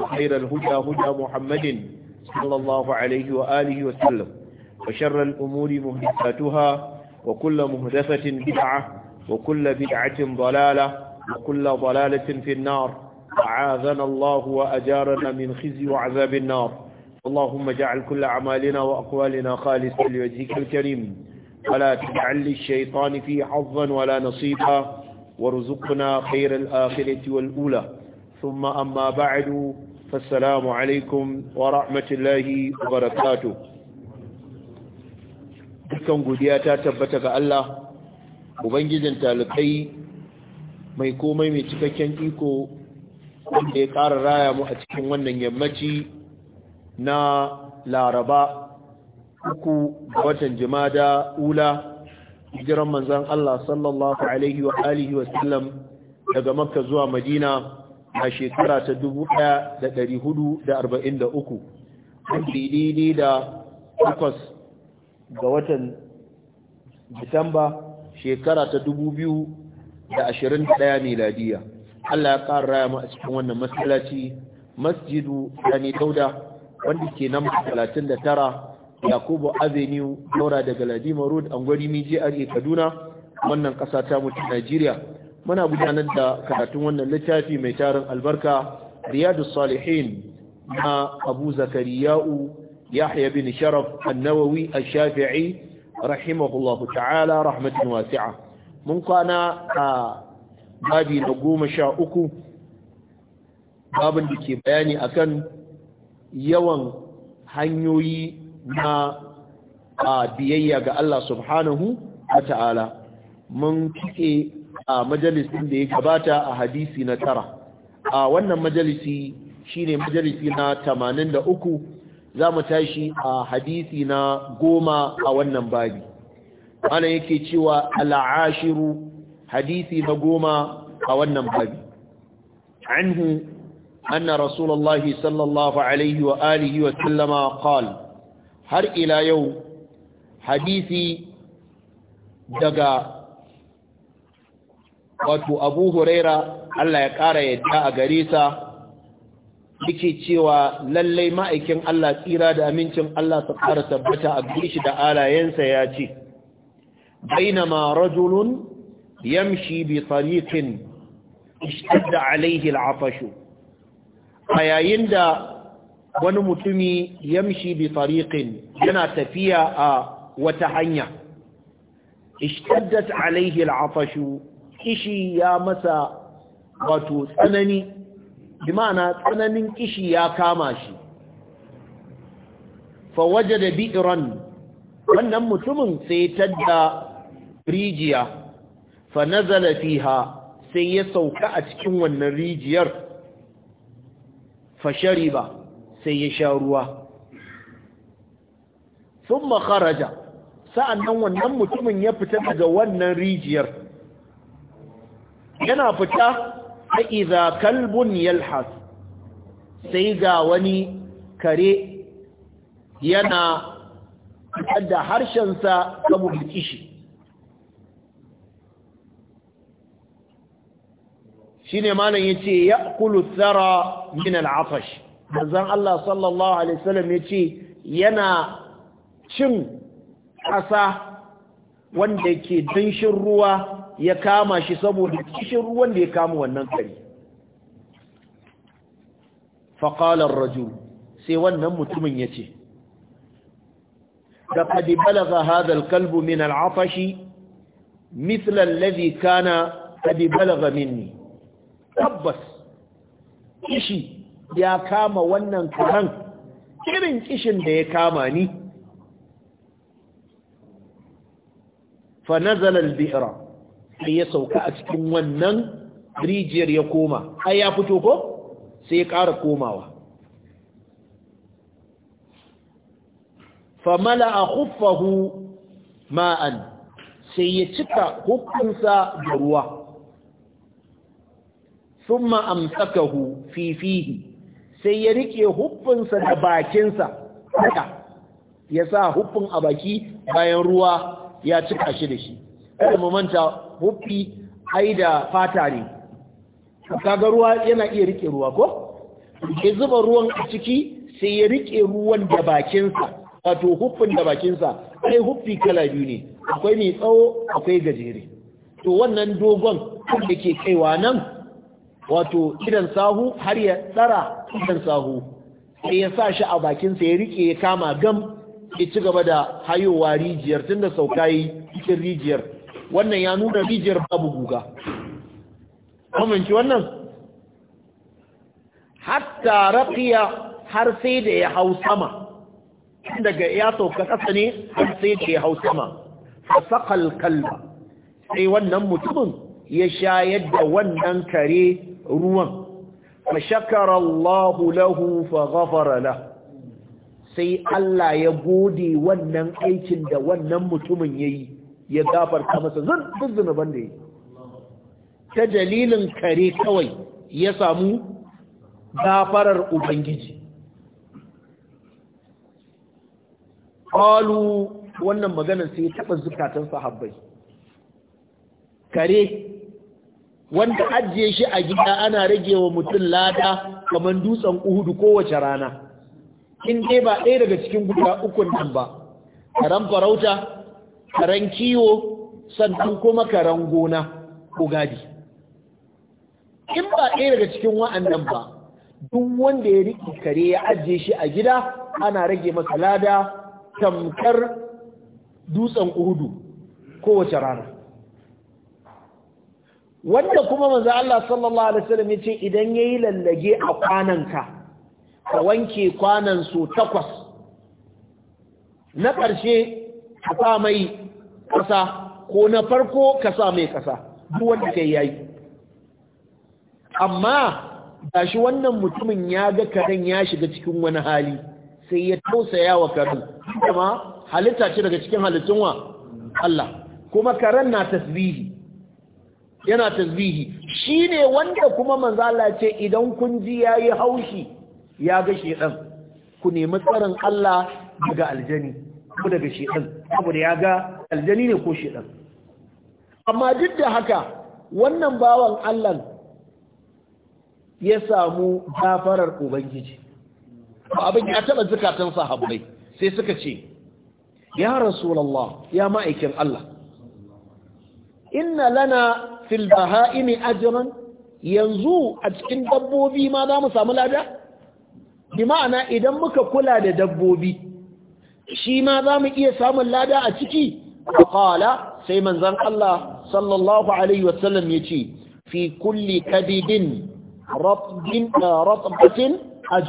وخير الهدى هدى محمد صلى الله عليه وآله وسلم وشر الأمور مهدفاتها وكل مهدفة بدعة وكل بدعة ضلالة وكل ضلالة في النار أعاذنا الله وأجارنا من خزي وعذاب النار اللهم اجعل كل أعمالنا وأقوالنا خالصة لوجهك الكريم ولا تجعل للشيطان في حظا ولا نصيبا وارزقنا خير الآخرة والأولى ثم أما بعد فالسلام عليكم ورحمة الله وبركاته dukkan godiya ta tabbata ga Allah ubangijin talibai mai komai mai cikakken iko wanda ya ƙara raya mu a cikin wannan yammaci na laraba uku watan jimada ula jiran manzan Allah sallallahu alaihi wa alihi wa sallam daga makka zuwa madina a shekara ta 1443 ɗari hudu da takwas ga watan disamba shekara ta 2021 miladiya Allah ya ƙara raya ma a cikin wannan masallaci masjidu Sani Dauda wanda ke nan 39 Yakubu Avenue Daura daga Ladima Road gwari Miji Kaduna wannan ƙasa ta mutu Najeriya muna gudanar da karatun wannan littafi mai tarin albarka riyadus salihin na abu zakariya'u yahya bin sharaf annawawi ash-shafi'i rahimahullahu ta'ala rahmatin wasi'a mun kwana a babi na goma sha uku babin da ke bayani akan yawan hanyoyi na biyayya ga Allah subhanahu wa ta'ala mun kike a majalisin da ya gabata a hadisi na tara a wannan majalisi shine majalisi na tamanin da uku za mu tashi a hadisi na goma a wannan babi ana yake cewa al'ashiru hadisi na goma a wannan babi anhu anna rasulullahi sallallahu alaihi wa alihi wa sallama har ila yau hadisi daga wato abu huraira Allah ya ƙara yadda a gare sa yake cewa lallai ma'aikin Allah tsira da amincin Allah su ƙara tabbata a gare da alayensa ya ce bainama rajulun yamshi bi tariqin ishtadda alaihi al'atashu a yayin da wani mutumi yamshi bi tariqin yana tafiya a wata hanya ishtaddat alaihi al'atashu kishi ya masa wato tsanani bi tsananin kishi ya kama shi fawaje da bi'ran wannan mutumin sai tadda rijiya fa nazala fiha sai ya sauka a cikin wannan rijiyar fa shariba sai ya sha ruwa thumma kharaja sa'annan wannan mutumin ya fita daga wannan rijiyar yana fita sai iza kalbun yalhas sai ga wani kare yana fitar da harshensa saboda kishi shi ne malam ya ce ya kulu tsara min al'afash manzan Allah sallallahu Alaihi wasallam ya ce yana cin ƙasa wanda ke danshin ruwa ya kama shi saboda kishin ruwan da ya kama wannan kare faƙalar rajul sai wannan mutumin ya ce da kadi balaga hadal kalbu min al'afashi mislan lazi kana kadi balaga minni tabbas kishi ya kama wannan karen irin kishin da ya kama ni fa nazala al-bi'ra sai ya sauka a cikin wannan rijiyar ya koma ai ya fito ko sai ya ƙara komawa famala a huffahu ma'an sai ya cika hukunsa da ruwa sai ya rike فيه da bakinsa سدباكنسا ya sa hufin a baki bayan ruwa ya cika shi da shi kada mu manta huffi ai da fata ne kaga ruwa yana iya rike ruwa ko ke zuba ruwan a ciki sai ya rike ruwan da bakinsa wato huffin da bakinsa Sai huffi kala biyu ne akwai mai tsawo akwai gajere to wannan dogon da ke kaiwa nan wato idan sahu har ya tsara idan sahu sai ya sa shi a bakinsa ya rike ya kama gam ya ci gaba da hayowa rijiyar tunda sauka yi cikin rijiyar wannan ya nuna rijiyar babu guga kamanci wannan hatta rafiya har sai da ya hau sama daga ya sauka kasa ne har sai da ya hau sama fasaqal kalba sai wannan mutumin ya shayar da wannan kare ruwan fa shakara allahu lahu fa sai Allah ya gode wannan aikin da wannan mutumin yayi ya farka masa zan ban da yi ta dalilin kare kawai ya samu gafarar ubangiji ƙalu wannan maganar sai taɓa zukatan sahabbai kare wanda ajiye shi a gida ana rage wa mutum lada kamar dutsen uhudu kowace rana in dai ba ɗaya daga cikin guda ukun nan ba karen farauta karen kiwo sannan kuma karen gona ko gadi in ba ɗaya daga cikin wa'annan ba duk wanda ya riƙe kare ya ajiye shi a gida ana rage masa lada tamkar dutsen uhudu kowace rana wanda kuma manzo Allah sallallahu alaihi wasallam ce idan yayi lallage a kwananka ka wanke kwanan su takwas na ƙarshe ka sa mai ƙasa ko na farko ka mai ƙasa duk wanda kai yayi amma gashi wannan mutumin ya ga karen ya shiga cikin wani hali sai ya tausaya wa karen kuma halitta ce daga cikin halittun wa Allah kuma karen na tasbihi yana tasbihi ne wanda kuma manzo Allah ce idan kun ji yayi haushi ya ga shedan ku nemi tsarin Allah daga aljani ko daga shedan saboda ya ga aljani ne ko shedan amma duk da haka wannan bawan allan ya samu gafarar ubangiji abin ya taba zukatan sahabbai sai suka ce ya rasulallah ya ma'aikin Allah inna lana fil baha'imi ajran yanzu a cikin dabbobi ma za mu samu lada bi ma'ana idan muka kula da dabbobi shi ma za mu iya samun lada a ciki qala sai manzon Allah sallallahu alaihi wasallam yace fi kulli kadidin ratbin eh, ratbatin Ya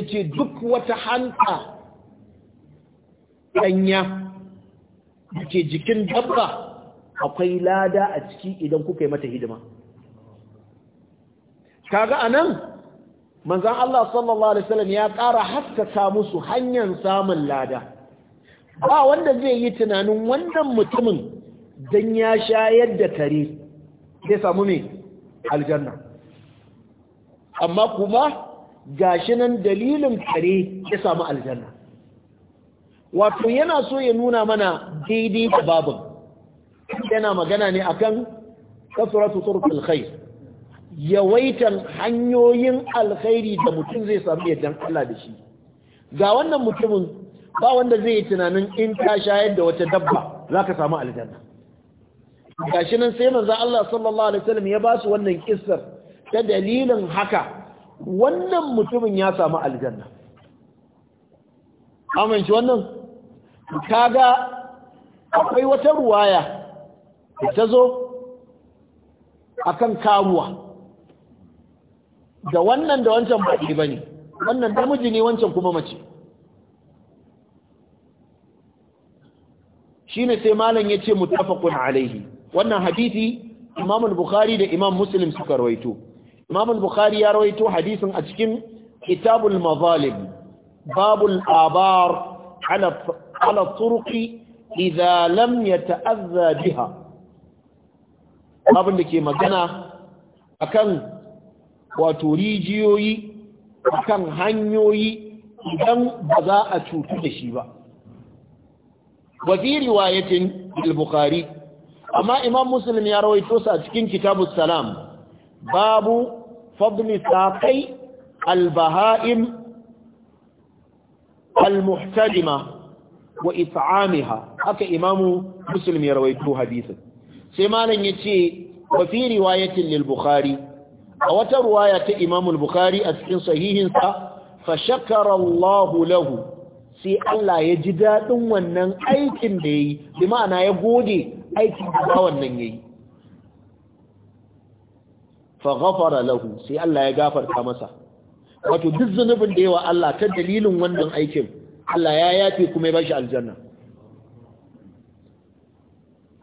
yace duk wata hanta danya ke jikin dabba akwai lada a ciki idan kuka yi mata hidima kaga anan manzan Allah sallallahu Alaihi wasallam ya ƙara haskaka musu hanyar samun lada ba wanda zai yi tunanin wannan mutumin don ya shayar da kare zai samu mai aljanna amma kuma gashi nan dalilin kare ya samu aljanna wato yana so ya nuna mana daidai da babin yana magana ne akan kasuratu turkul khair yawaitan hanyoyin alkhairi da mutum zai samu yadda Allah da shi ga wannan mutumin ba wanda zai yi tunanin in ka shayar da wata dabba za ka samu aljanna gashi nan sai manzo Allah sallallahu alaihi wasallam ya ba su wannan kissar ta dalilin haka wannan mutumin ya samu aljanna shi wannan kaga akwai wata ruwaya ta zo akan kamuwa da wannan da wancan ba ɗaya ba ne wannan namiji ne wancan kuma mace shi ne sai malam ya ce mutafakun alaihi wannan hadisi imam bukhari da imam muslim suka rawaito imam bukhari ya rawaito hadisin a cikin kitabul mazalim babul abar ala turki idza lam yata'azza biha babin da ke magana akan wato rijiyoyi akan hanyoyi idan ba za a cutu da shi ba wafi riwayatin al-bukhari amma imam muslim ya rawaito sa cikin kitabu salam babu fadli saqai al al wa it'amiha haka Imamu muslim ya rawaito hadisin sai malam yace ce fi riwayatin lil-bukhari a wata ruwaya ta Imam al-Bukhari a cikin sahihinsa fa shakara lahu sai Allah ya ji daɗin wannan aikin da yayi bi ma'ana ya gode aikin da wannan yayi fa ghafara lahu sai Allah ya gafarta masa wato duk zunubin da yawa Allah ta dalilin wannan aikin Allah ya yafe kuma ya shi aljanna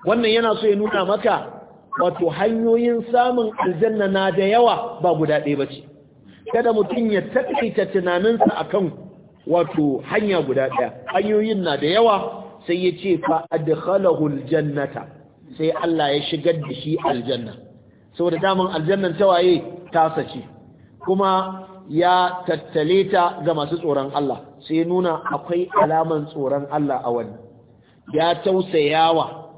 wannan yana so ya nuna maka wato hanyoyin samun aljanna na da yawa ba guda ɗaya ba ce kada mutum ya taƙaita tunaninsa a kan wato hanya guda ɗaya hanyoyin na da yawa sai ya ce fa adkhalahu jannata sai Allah ya shigar da shi aljanna saboda daman aljannan ta waye ta sace kuma ya tattale ta ga masu tsoron Allah sai nuna akwai alaman tsoron Allah a wani ya tausayawa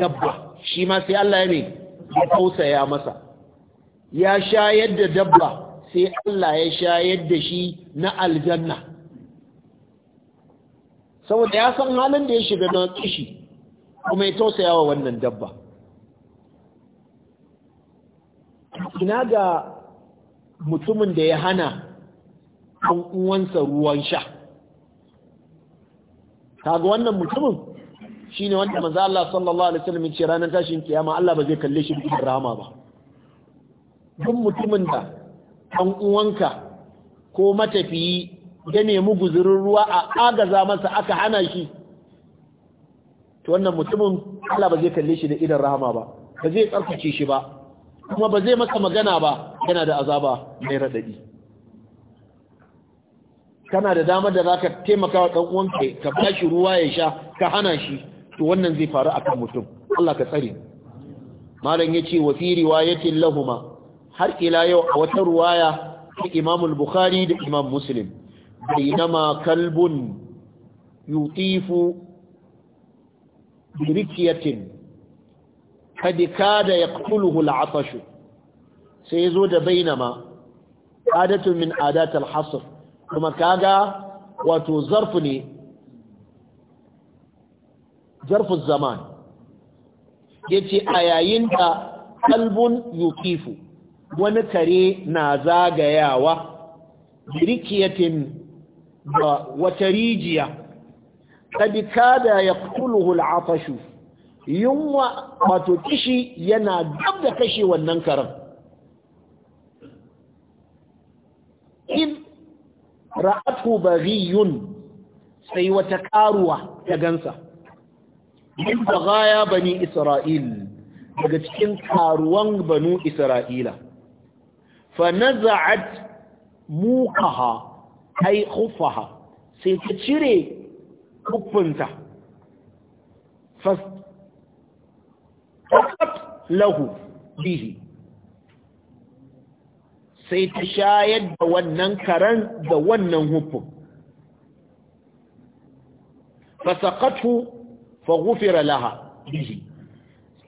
dabba shi ma sai Allah ya ne ya tausaya masa ya shayar da dabba sai Allah ya shayar da shi na aljanna saboda ya san halin da ya shiga na kishi kuma ya tausaya wa wannan dabba ina ga mutumin da ya hana uwansa ruwan sha Ta ga wannan mutumin Shi ne wanda maza Allah sallallahu alaihi wasallam ce ranar tashin kiyama Allah ba zai kalle shi da rahama ba duk mutumin da dan uwanka ko matafiyi ya nemi guzurin ruwa a agaza masa aka hana shi to wannan mutumin Allah ba zai kalle shi da idan rahama ba ba zai tsarkace shi ba kuma ba zai masa magana ba yana da azaba mai raɗaɗi. kana da damar da za ka taimaka wa dan uwanka ka shi ruwa ya sha ka hana shi to wannan zai faru akan mutum Allah ka tsare malam yace wa fi riwayatin lahuma har ila yau a wata ruwaya ta Imam al-Bukhari da Imam Muslim bainama kalbun yutifu birikiyatin kad kada yaqtuluhu al-atash sai yazo da bainama adatu min adat al-hasr kuma kaga wato zarf ne jarfus zaman ya ce a yayin da kalbun yukifu wani kare na zagayawa rikiyatin da wata rijiya kadika da ya kuluhul afashu yunwa wato kishi yana dab da kashe wannan karen in ra'atu bariyun sai wata karuwa ta gansa min bagaya bani isra'il daga cikin karuwan banu isra'ila fa naza'at muqaha ay khuffaha sai ta cire kuffinta fas lahu bihi sai ta shayar da wannan karen da wannan hufin fasakatu fa laha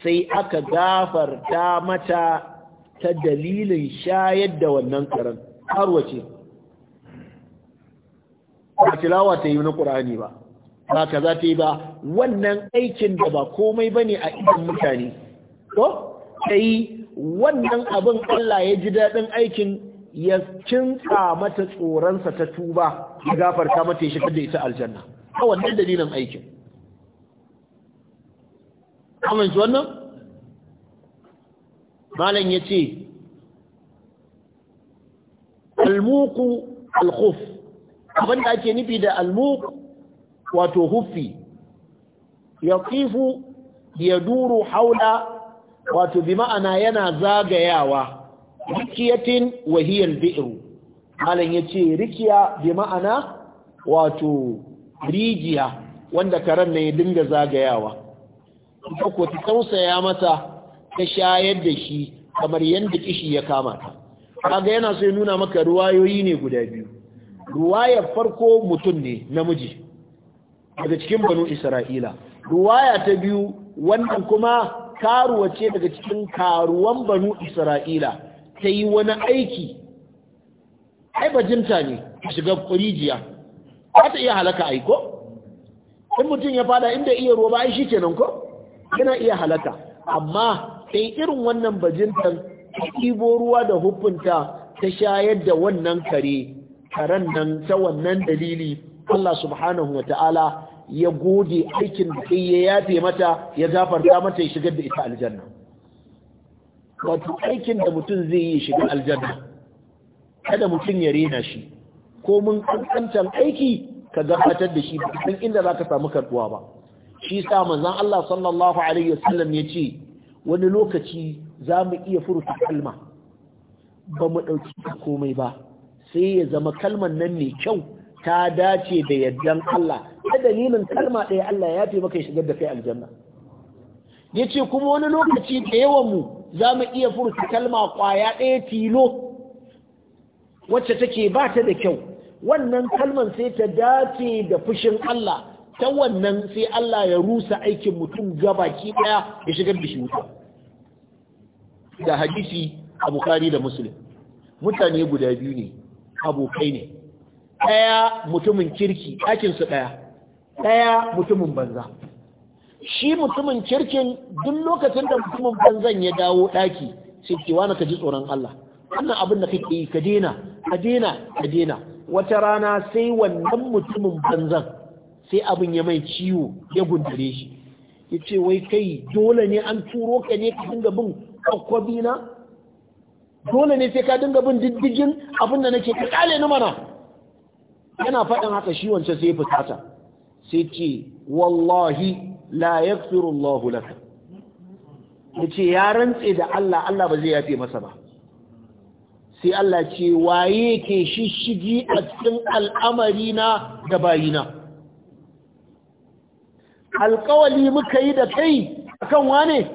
sai aka gafarta mata ta dalilin shayar da wannan karan wace ba tilawa ta yi na ƙur'ani ba ba ka za ta yi ba wannan aikin da ba komai ba ne a idan mutane ko ta yi wannan abin Allah ya ji daɗin aikin ya kinsa mata tsoronsa ta tuba ya gafarta mata ya shigar kada ita aljanna a wannan dalilin aikin amince wannan malam ya ce almuku alhuf abinda ake nufi da almuk wato huffi ya kifu ya duru haula wato bi ma'ana yana zagayawa rikiyatin wahiyar bi'iru malam ya ce rikiya bi ma'ana wato rijiya wanda karen na ya dinga zagayawa ko ta tausaya mata ta shayar da shi kamar yadda kishi ya kama ta kaga yana so ya nuna maka ruwayoyi ne guda biyu ruwayar farko mutum ne namiji daga cikin banu isra'ila ruwaya ta biyu wannan kuma karuwa ce daga cikin karuwan banu isra'ila ta yi wani aiki ai bajinta ne ta shiga kurijiya ba ta iya halaka aiko in mutum ya fada inda iya ruwa ba ai shi kenan ko yana iya halata amma sai irin wannan bajintan ta ɗibo ruwa da hukunta ta shayar da wannan kare karen nan ta wannan dalili Allah subhanahu wa ta'ala ya gode aikin da ya yafe mata ya zafarta mata ya shigar da ita aljanna wato aikin da mutum zai yi shiga aljanna kada mutum ya rena shi ko mun kankancan aiki ka gabatar da shi ba inda za ka samu karbuwa ba shi sa manzon Allah sallallahu alaihi wasallam ya ce wani lokaci za mu iya furta kalma ba mu ɗauki komai ba sai ya zama kalman nan mai kyau ta dace da yardan Allah ta dalilin kalma ɗaya Allah ya fi maka shigar da kai aljanna ya ce kuma wani lokaci da yawan mu za mu iya furta kalma ƙwaya ɗaya tilo wacce take ba ta da kyau wannan kalman sai ta dace da fushin Allah ta wannan sai Allah ya rusa aikin mutum gabaki daya ya shigar da shi wuta da hadisi a bukari da musulun mutane guda biyu ne abokai ne daya mutumin kirki ɗakinsu ɗaya. daya mutumin banza shi mutumin kirkin duk lokacin da mutumin banzan ya dawo ɗaki sai ke wani ka ji tsoron Allah wannan abin da kake yi ka dena ka dena ka dena wata rana sai wannan mutumin banzan sai abin ya mai ciwo ya gundare shi ya ce wai kai dole ne an turo ka ne ka dinga bin kwakwabi na dole ne sai ka dinga bin diddigin abin da nake ka kale ni mana yana faɗin haka shi wancan sai fusata sai ce wallahi la yaghfiru Allah laka yace ya rantse da Allah Allah ba zai yafe masa ba sai Allah ce waye ke shishigi a cikin al'amari na da bayina alkawali muka yi da kai akan wane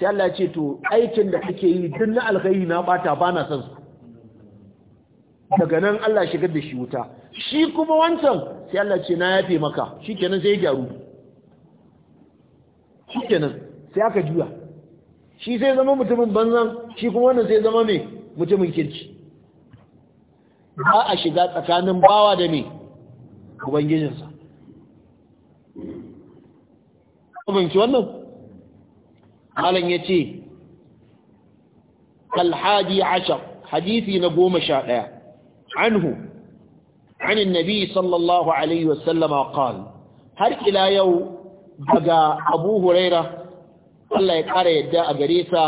sai Allah ce to aikin da kake yi duk na alkhairi na bata bana san su daga nan Allah shigar da shi wuta shi kuma wancan sai Allah ce na yafe maka shikenan sai ya gyaru shikenan sai aka juya shi sai zama mutumin banzan shi kuma wannan sai zama mai mutumin kirki ba a shiga tsakanin bawa da mai ubangijinsa fahimci wannan malam ya ce alhaji ashar hadisi na goma sha ɗaya anhu anin nabi sallallahu alaihi wasallama qal har ila yau daga abu huraira Allah ya ƙara yadda a gare sa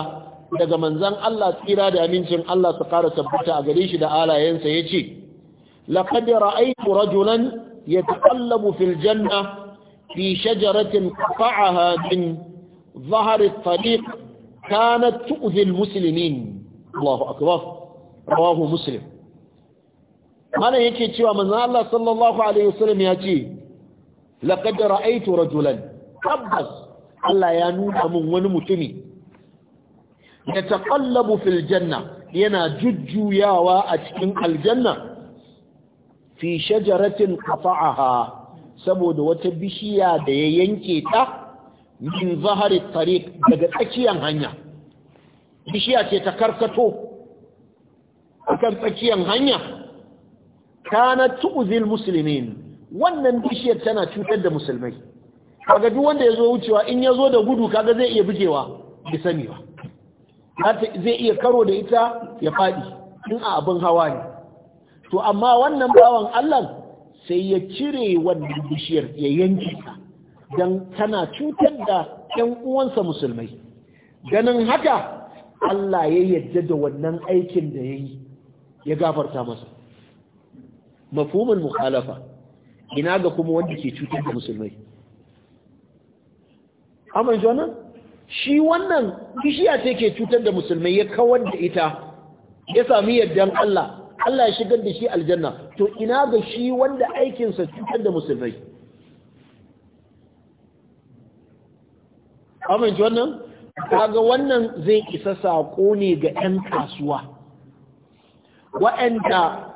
daga manzan Allah tsira da amincin Allah su ƙara tabbata a gare shi da alayensa ya ce, Laƙad ra'aitu rajulan ya taƙallabu fil janna في شجرة قطعها من ظهر الطريق كانت تؤذي المسلمين الله أكبر رواه مسلم أنا يكي تشوى من الله صلى الله عليه وسلم يأتي لقد رأيت رجلا تبس الله ينون من ونمتمي يتقلب في الجنة ينا ججو ياوى أتكن الجنة في شجرة قطعها saboda wata bishiya da ya yanke ta min zahari tariq daga tsakiyar hanya bishiya ce ta karkato kan tsakiyar hanya kana tu'zil muslimin wannan bishiyar tana cutar da musulmai kaga duk wanda yazo wucewa in yazo da gudu kaga zai iya bugewa bi sani ba zai iya karo da ita ya fadi in a abin hawa ne to amma wannan bawan Allah sai ya cire wannan bishiyar ya yanke ta don tana cutar da ‘yan uwansa musulmai ganin haka Allah ya yadda da wannan aikin da ya yi ya gafarta masa mafumin mukhalafa ina ga kuma wanda ke cutar da musulmai amma jona shi wannan bishiya ce ke cutar da musulmai ya kawar da ita ya sami yardan Allah Allah ya shigar da shi aljanna to ina ga shi wanda aikinsa cutar da musulmai amince wannan kaga wannan zai isa saƙo ne ga 'yan kasuwa wa'anda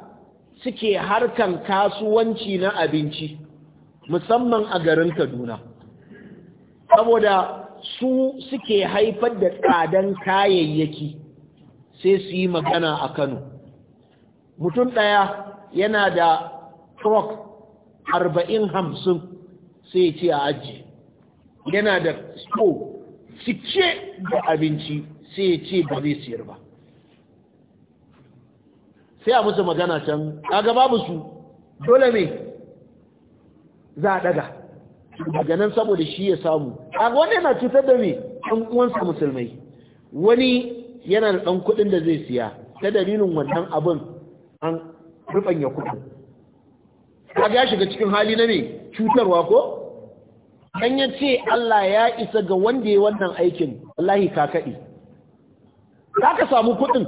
suke harkan kasuwanci na abinci musamman a garin kaduna saboda su suke haifar da tsadan kayayyaki sai su yi magana a kano mutum ɗaya yana da truck arba'in hamsin sai ce a aji yana da so cike da abinci sai ce ba zai siyar ba sai a musu magana can A babu su dole ne za a daga daga nan saboda shi ya samu a wani yana cutar da me ɗan uwansa musulmai wani yana da ɗan kuɗin da zai siya ta dalilin wannan abin an rufanya kudin kaga ya shiga cikin hali na ne cutarwa ko dan ya ce Allah ya isa ga wanda ya wannan aikin wallahi ka kaɗi. Za ka samu kudin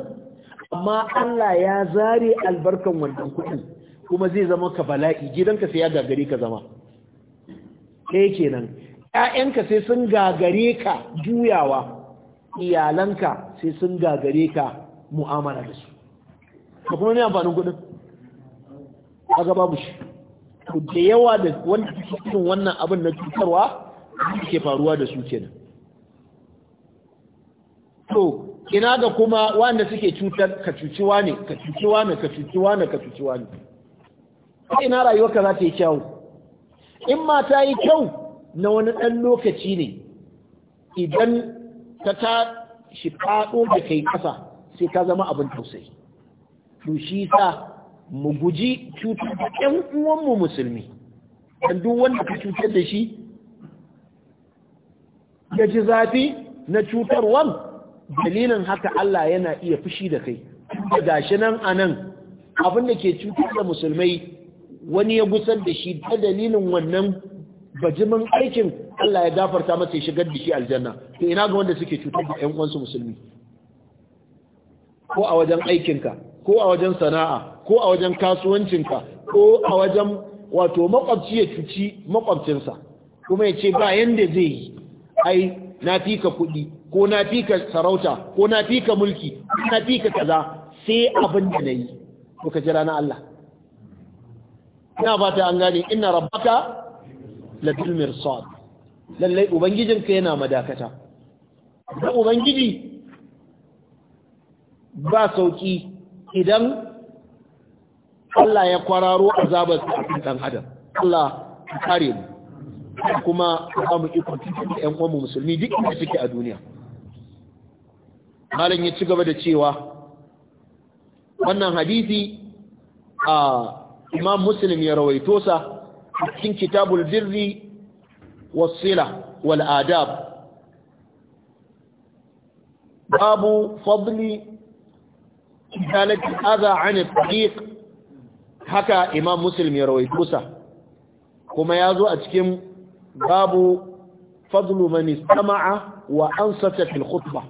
amma Allah ya zare albarkan wannan kudin kuma zai zama ka bala'i gidanka sai ya gagare ka zama ɗaya kenan 'ya'yanka sai sun gagare ka juyawa iyalanka sai sun gagare ka mu'amala da su ka kuma ne amfanin kuɗin kaga babu shi to da yawa da wanda suke wannan abin na cutarwa ke faruwa da su kenan to ina ga kuma wanda suke cutar ka cuci wane ka cuci wane ka cuci wane ka cuci wane ina ka za ta yi kyau in ma ta yi kyau na wani ɗan lokaci ne idan ta ta shi faɗo da kai ƙasa sai ka zama abin tausayi to shi sa mu guji cutar da ƴan uwanmu musulmi dan duk wanda ka cutar da shi ya ji zafi na cutarwan dalilin haka Allah yana iya fushi da kai da gashi nan anan abin da ke cutar da musulmai wani ya gusar da shi ta dalilin wannan bajimin aikin Allah ya gafarta masa ya shigar da shi aljanna to ina ga wanda suke cutar da ƴan uwansu musulmi ko a wajen aikinka ko a wajen sana'a ko a wajen kasuwancinka ko a wajen wato makwabci ya cuci makwabcinsa kuma ya ce ba yadda zai yi ai na fi ka kuɗi ko na fi ka sarauta ko na fi ka mulki ko na fi ka kaza sai abin da na yi to ka jira na Allah ina ta an gane inna rabbaka labil mirsad lallai ka yana madakata da ubangiji ba sauki idan Allah ya kwararo azabar a cikin ɗan adam Allah ya kare mu kuma za mu iko cikin ƴan uwan musulmi duk inda suke a duniya malam ya ci gaba da cewa wannan hadisi a imam muslim ya rawaito sa cikin kitabul birri wal adab Babu fadli. izalat adha an tariq haka imam muslim ya rawaito sa kuma yazo a cikin babu fadlu man istama'a wa ansata fil khutbah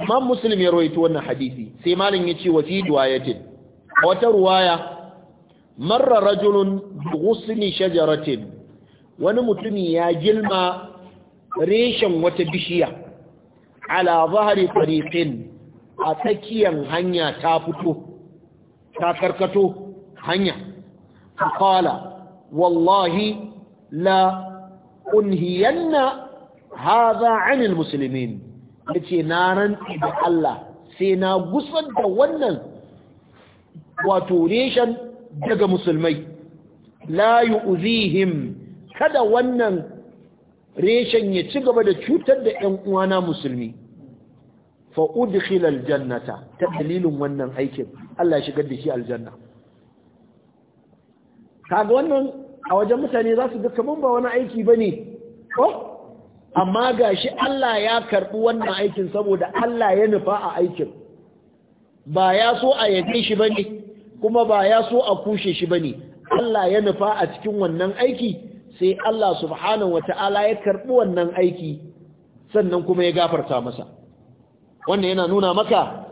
imam muslim ya rawaito wannan hadisi sai malin yace wa fi riwayatin wata ruwaya marra rajulun ghusni shajaratin wani mutumin ya gilma reshen wata bishiya ala zahari tariqin a tsakiyar hanya ta fito ta karkato hanya qala wallahi la unhiyanna hadha 'anil Ya ce na rantsi da Allah sai na gusar da wannan wato reshen daga musulmai la uzihim kada wannan reshen ya ci gaba da cutar da 'yan uwana musulmi fa udkhila jannata, ta dalilin wannan aikin Allah ya shigar da shi aljanna kaga wannan a wajen mutane za su ga kaman ba wani aiki bane ko amma gashi Allah ya karbi wannan aikin saboda Allah ya nufa a aikin ba ya so a yabe shi bane kuma ba ya so a kushe shi bane Allah ya nufa a cikin wannan aiki sai Allah subhanahu wataala ya karbi wannan aiki sannan kuma ya gafarta masa wannan yana nuna maka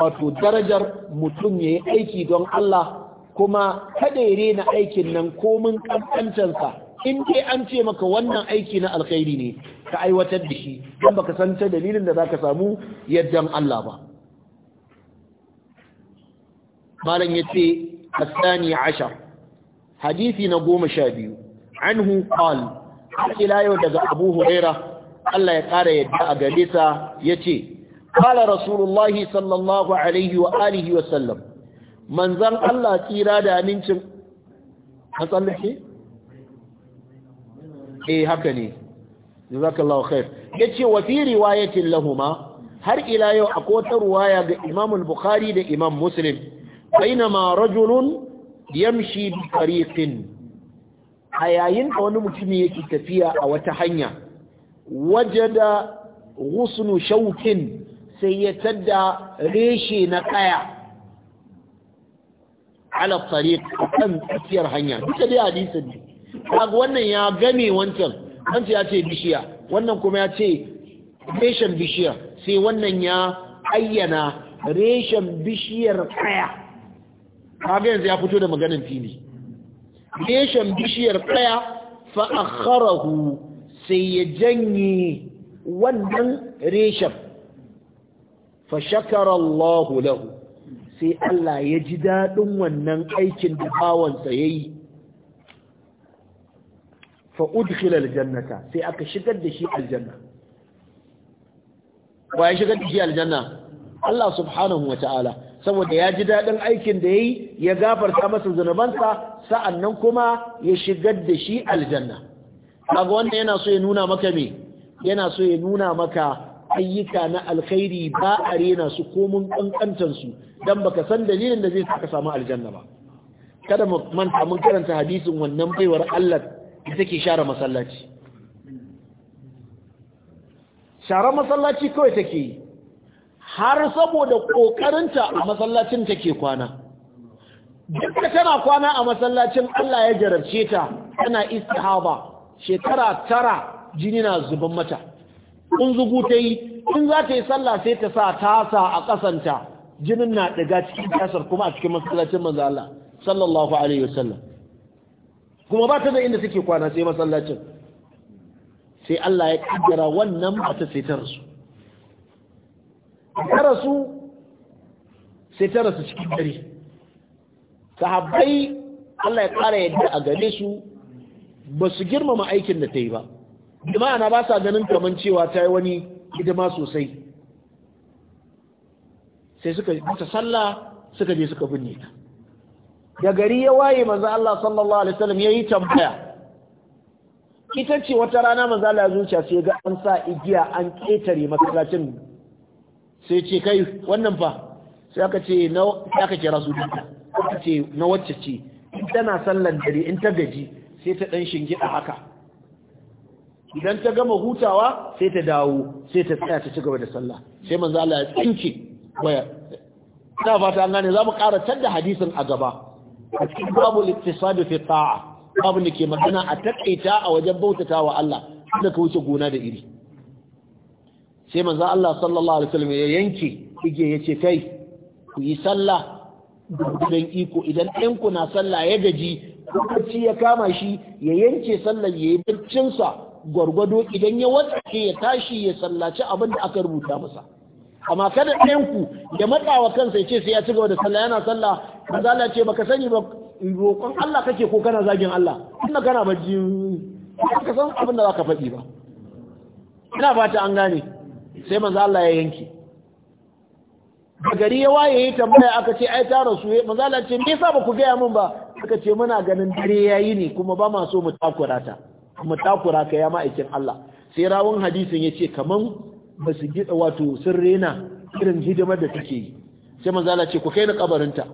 wato darajar mutum ya yi aiki don Allah kuma kada ya rena aikin nan komin kankancansa in dai an ce maka wannan aiki na alkhairi ne ka aiwatar da shi don baka san ta dalilin da zaka samu yaddan Allah ba malam yace asani ashar hadisi na goma sha biyu anhu qal har ila yau daga Abu Huraira Allah ya kara yadda a gare sa yace قال رسول الله صلى الله عليه وآله وسلم من ذن الله تيرا دا منشن هتصلحي ايه هكني جزاك الله خير يتي وفي رواية لهما هر إلى يو أقوت رواية إمام البخاري دا إمام مسلم بينما رجل يمشي بطريق hayayin a wani mutumi yake tafiya a wata hanya wajada ghusnu shaukin sai ya tadda reshe na kaya ala kan tsakiyar hanya duka dai hadisin ne kaga wannan ya game wancan wancan ya ce bishiya wannan kuma ya ce reshen bishiya sai wannan ya ayyana reshen bishiyar kaya kaga yanzu ya fito da maganin fili reshen bishiyar kaya fa sai ya janye wannan reshen fa shakara Allahu lahu sai Allah ya ji dadin wannan aikin da bawansa yayi fa udkhila aljannata sai aka shigar da shi aljanna wa ya shigar da shi aljanna Allah subhanahu wa saboda ya ji dadin aikin da yayi ya gafarta masa zunubansa sa'annan kuma ya shigar da shi aljanna kaga wannan yana so ya nuna maka me yana so ya nuna maka ayyuka na alkhairi ba a rena su ko mun kankantar su dan baka san dalilin da zai saka samu aljanna ba kada mu manta mun karanta hadisin wannan baiwar Allah da take share masallaci share masallaci kawai take yi har saboda kokarinta a masallacin take kwana duk tana kwana a masallacin Allah ya jarabce ta tana istihaba shekara tara jini na zuban mata in zugu ta yi in za ta yi sallah sai ta sa tasa a kasanta jinin na daga cikin tasar kuma a cikin masallacin manzo Allah sallallahu alaihi wasallam kuma ba ta da inda take kwana sai masallacin sai Allah ya kaddara wannan ta sai ta rasu ta rasu sai ta rasu cikin dare sahabbai Allah ya ƙara yadda a gare su ba su girmama aikin da ta yi ba bi ma'ana ba sa ganin kamar cewa ta yi wani hidima sosai sai suka mata sallah suka je suka binne ta da gari ya waye manzo Allah sallallahu alaihi wasallam yayi tambaya ita ce wata rana manzo Allah ya zuciya sai ga an sa igiya an ketare masallacin sai ce kai wannan fa sai aka ce na aka kira su duka aka ce na wacce ce tana sallan dare in ta gaji sai ta dan shingida haka idan ta gama hutawa sai ta dawo sai ta tsaya ta ci da sallah sai manzo Allah ya tsinke waya ta fata an gane zamu ƙara tadda hadisin a gaba a cikin babu littisad fi ta'a babu ne ke magana a takaita a wajen bautata wa Allah da ka wuce gona da iri sai manzo Allah sallallahu alaihi wasallam ya yanke kige yace kai ku yi sallah dan iko idan ɗan ku na sallah ya gaji lokaci ya kama shi ya yanke sallar ya yi sa. gwargwado idan ya watsake ya tashi ya sallaci abin da aka rubuta masa amma kada ɗayan ku ya matsa wa kansa ya ce sai ya ci gaba da sallah yana sallah manzala ce baka sani ba roƙon Allah kake ko kana zagin Allah inda kana bajji ka san abin da zaka faɗi ba ina fata an gane sai manzo Allah ya yanke da gari ya waye ya tambaya aka ce ai ta rasu ya manzo Allah ce me yasa ba ku gaya min ba aka ce muna ganin dare yayi ne kuma ba ma so mu takura ta mu takura ka ya ma'aikin Allah sai rawun hadisin yace kaman ba su gida wato sun rena irin hidimar da take yi sai manzala ce ku kai ni kabarinta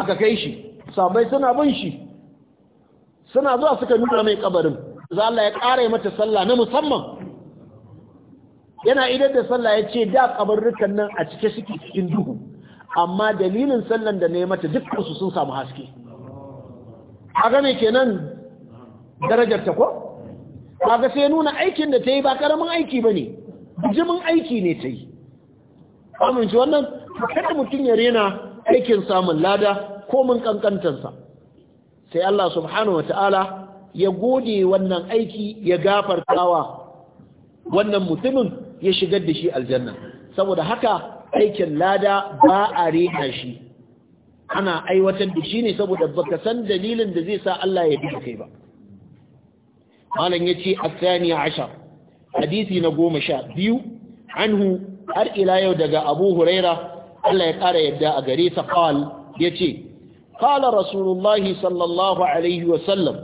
aka kai shi sabai suna bin shi suna zuwa suka nuna mai kabarin za Allah ya ƙara mata sallah na musamman yana idan da sallah ya ce da kabarrukan nan a cike suke cikin duhu amma dalilin sallan da na yi mata dukkan su sun samu haske a gane kenan darajar ta ko kaga sai nuna aikin da ta yi ba karamin aiki ba ne jimin aiki ne ta yi amince wannan kada mutum ya rena aikin samun lada ko mun kankantarsa sai Allah subhanahu wa ta'ala ya gode wannan aiki ya gafartawa wannan mutumin ya shigar da shi aljanna saboda haka aikin lada ba a rena shi ana aiwatar da shi ne saboda baka san dalilin da zai sa Allah ya bi kai ba malam ya ce asaniya ashar hadisi na goma sha biyu anhu har ila yau daga abu huraira Allah ya kara yadda a gare sa qal ya ce kala rasulullahi sallallahu alaihi wa sallam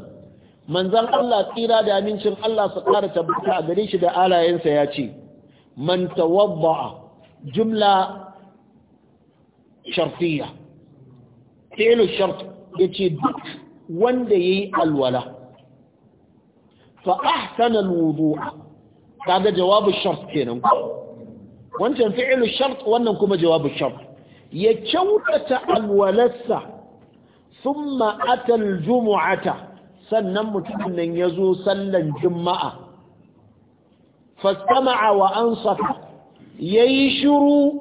manzan Allah tsira da amincin Allah su ƙara tabbata a gare shi da alayensa ya ce man tawadda'a jumla shartiyya fi'lu shart yace duk wanda yayi alwala فأحسن الوضوء هذا جواب الشرط كينم وانت انفعل الشرط وانكم جواب الشرط يتشوكة الولسة ثم أتى الجمعة سنمت أن يزو سلا جمعة فاستمع وأنصف ييشر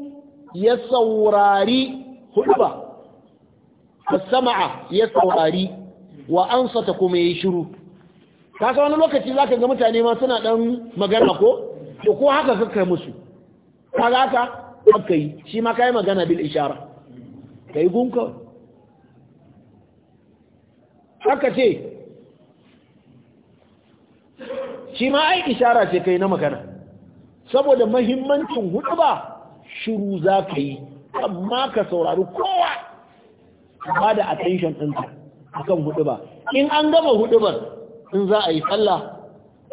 يصوراري خلبة فاستمع يصوراري وأنصتكم ييشروا kasa wani lokaci za ka ga mutane ma suna ɗan magana ko to ko haka suka musu ka za ka aka yi shi ma ka yi magana bil ishara ka yi gunka haka ce shi ma ai ishara ce kai na magana saboda mahimmancin hudu ba shiru za ka yi amma ka saurari kowa ba da attention ɗinka akan hudu ba in an gama hudu ba in za a yi sallah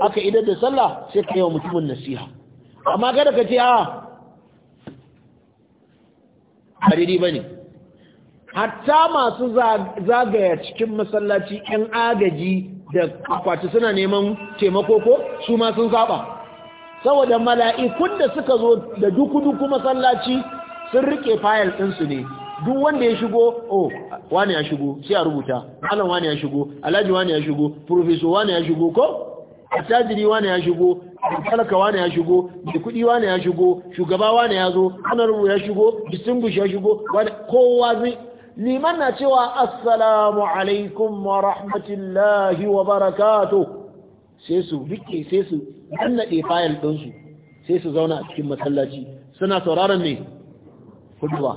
aka idar da sallah sai ka yi wa mutumin nasiha amma kada ka ce ah, a hariri ba ne hatta masu zagaya cikin masallaci 'yan agaji da akwati suna neman taimako ko su ma sun saba saboda mala'ikun da suka zo da duku-duku masallaci sun rike fayil ɗinsu ne duk wanda ya shigo oh wani ya shigo sai a rubuta malam wani ya shigo alhaji wani ya shigo professor wani ya shigo ko attajiri wani ya shigo talaka wani ya shigo da kudi wani ya shigo shugaba wani ya zo honorable ya shigo distinguish ya shigo wani kowa zai liman na cewa assalamu alaikum wa rahmatullahi wa barakatuh sai su rike sai su nannade din ɗinsu sai su zauna a cikin masallaci suna sauraron ne hudu ba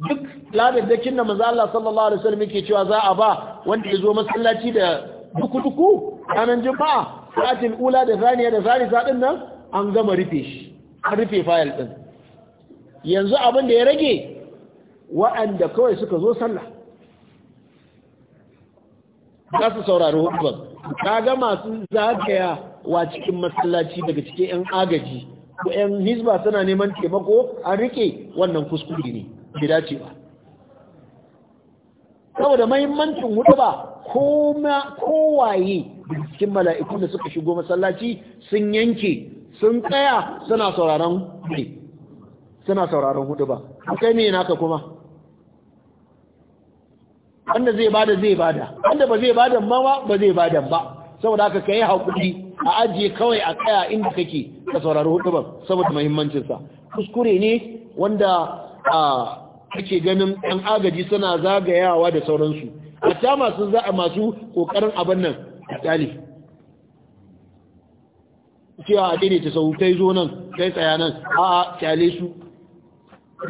duk ladaddakin da manzo Allah sallallahu alaihi wasallam yake cewa za a ba wanda ya zo masallaci da duku-duku ranar juma'a satin ula da zaniya da zalisa din nan an gama rufe shi an rufe fayil din yanzu abin da ya rage wa'anda kawai suka zo sallah za su saurari hukumar ka ga masu zagaya wa cikin masallaci daga cikin 'yan agaji ko 'yan hizba suna neman taimako an rike wannan kuskure ne gida ce ba saboda mahimmancin wuta ba kowaye cikin mala'ikun da suka shigo masallaci sun yanke sun tsaya suna sauraron hudu suna sauraron hudu ba kai me naka kuma wanda zai bada zai bada wanda ba zai bada ba ba zai bada ba saboda haka kai haƙuri a ajiye kawai a tsaya inda kake ka saurari hudu ba saboda mahimmancinsa. kuskure ne wanda a ah, ake ganin ɗan agaji suna zagayawa da sauransu ta masu za a masu ƙoƙarin abin nan a tsali cewa a ta sau ta zo nan kai tsaya nan a kyale su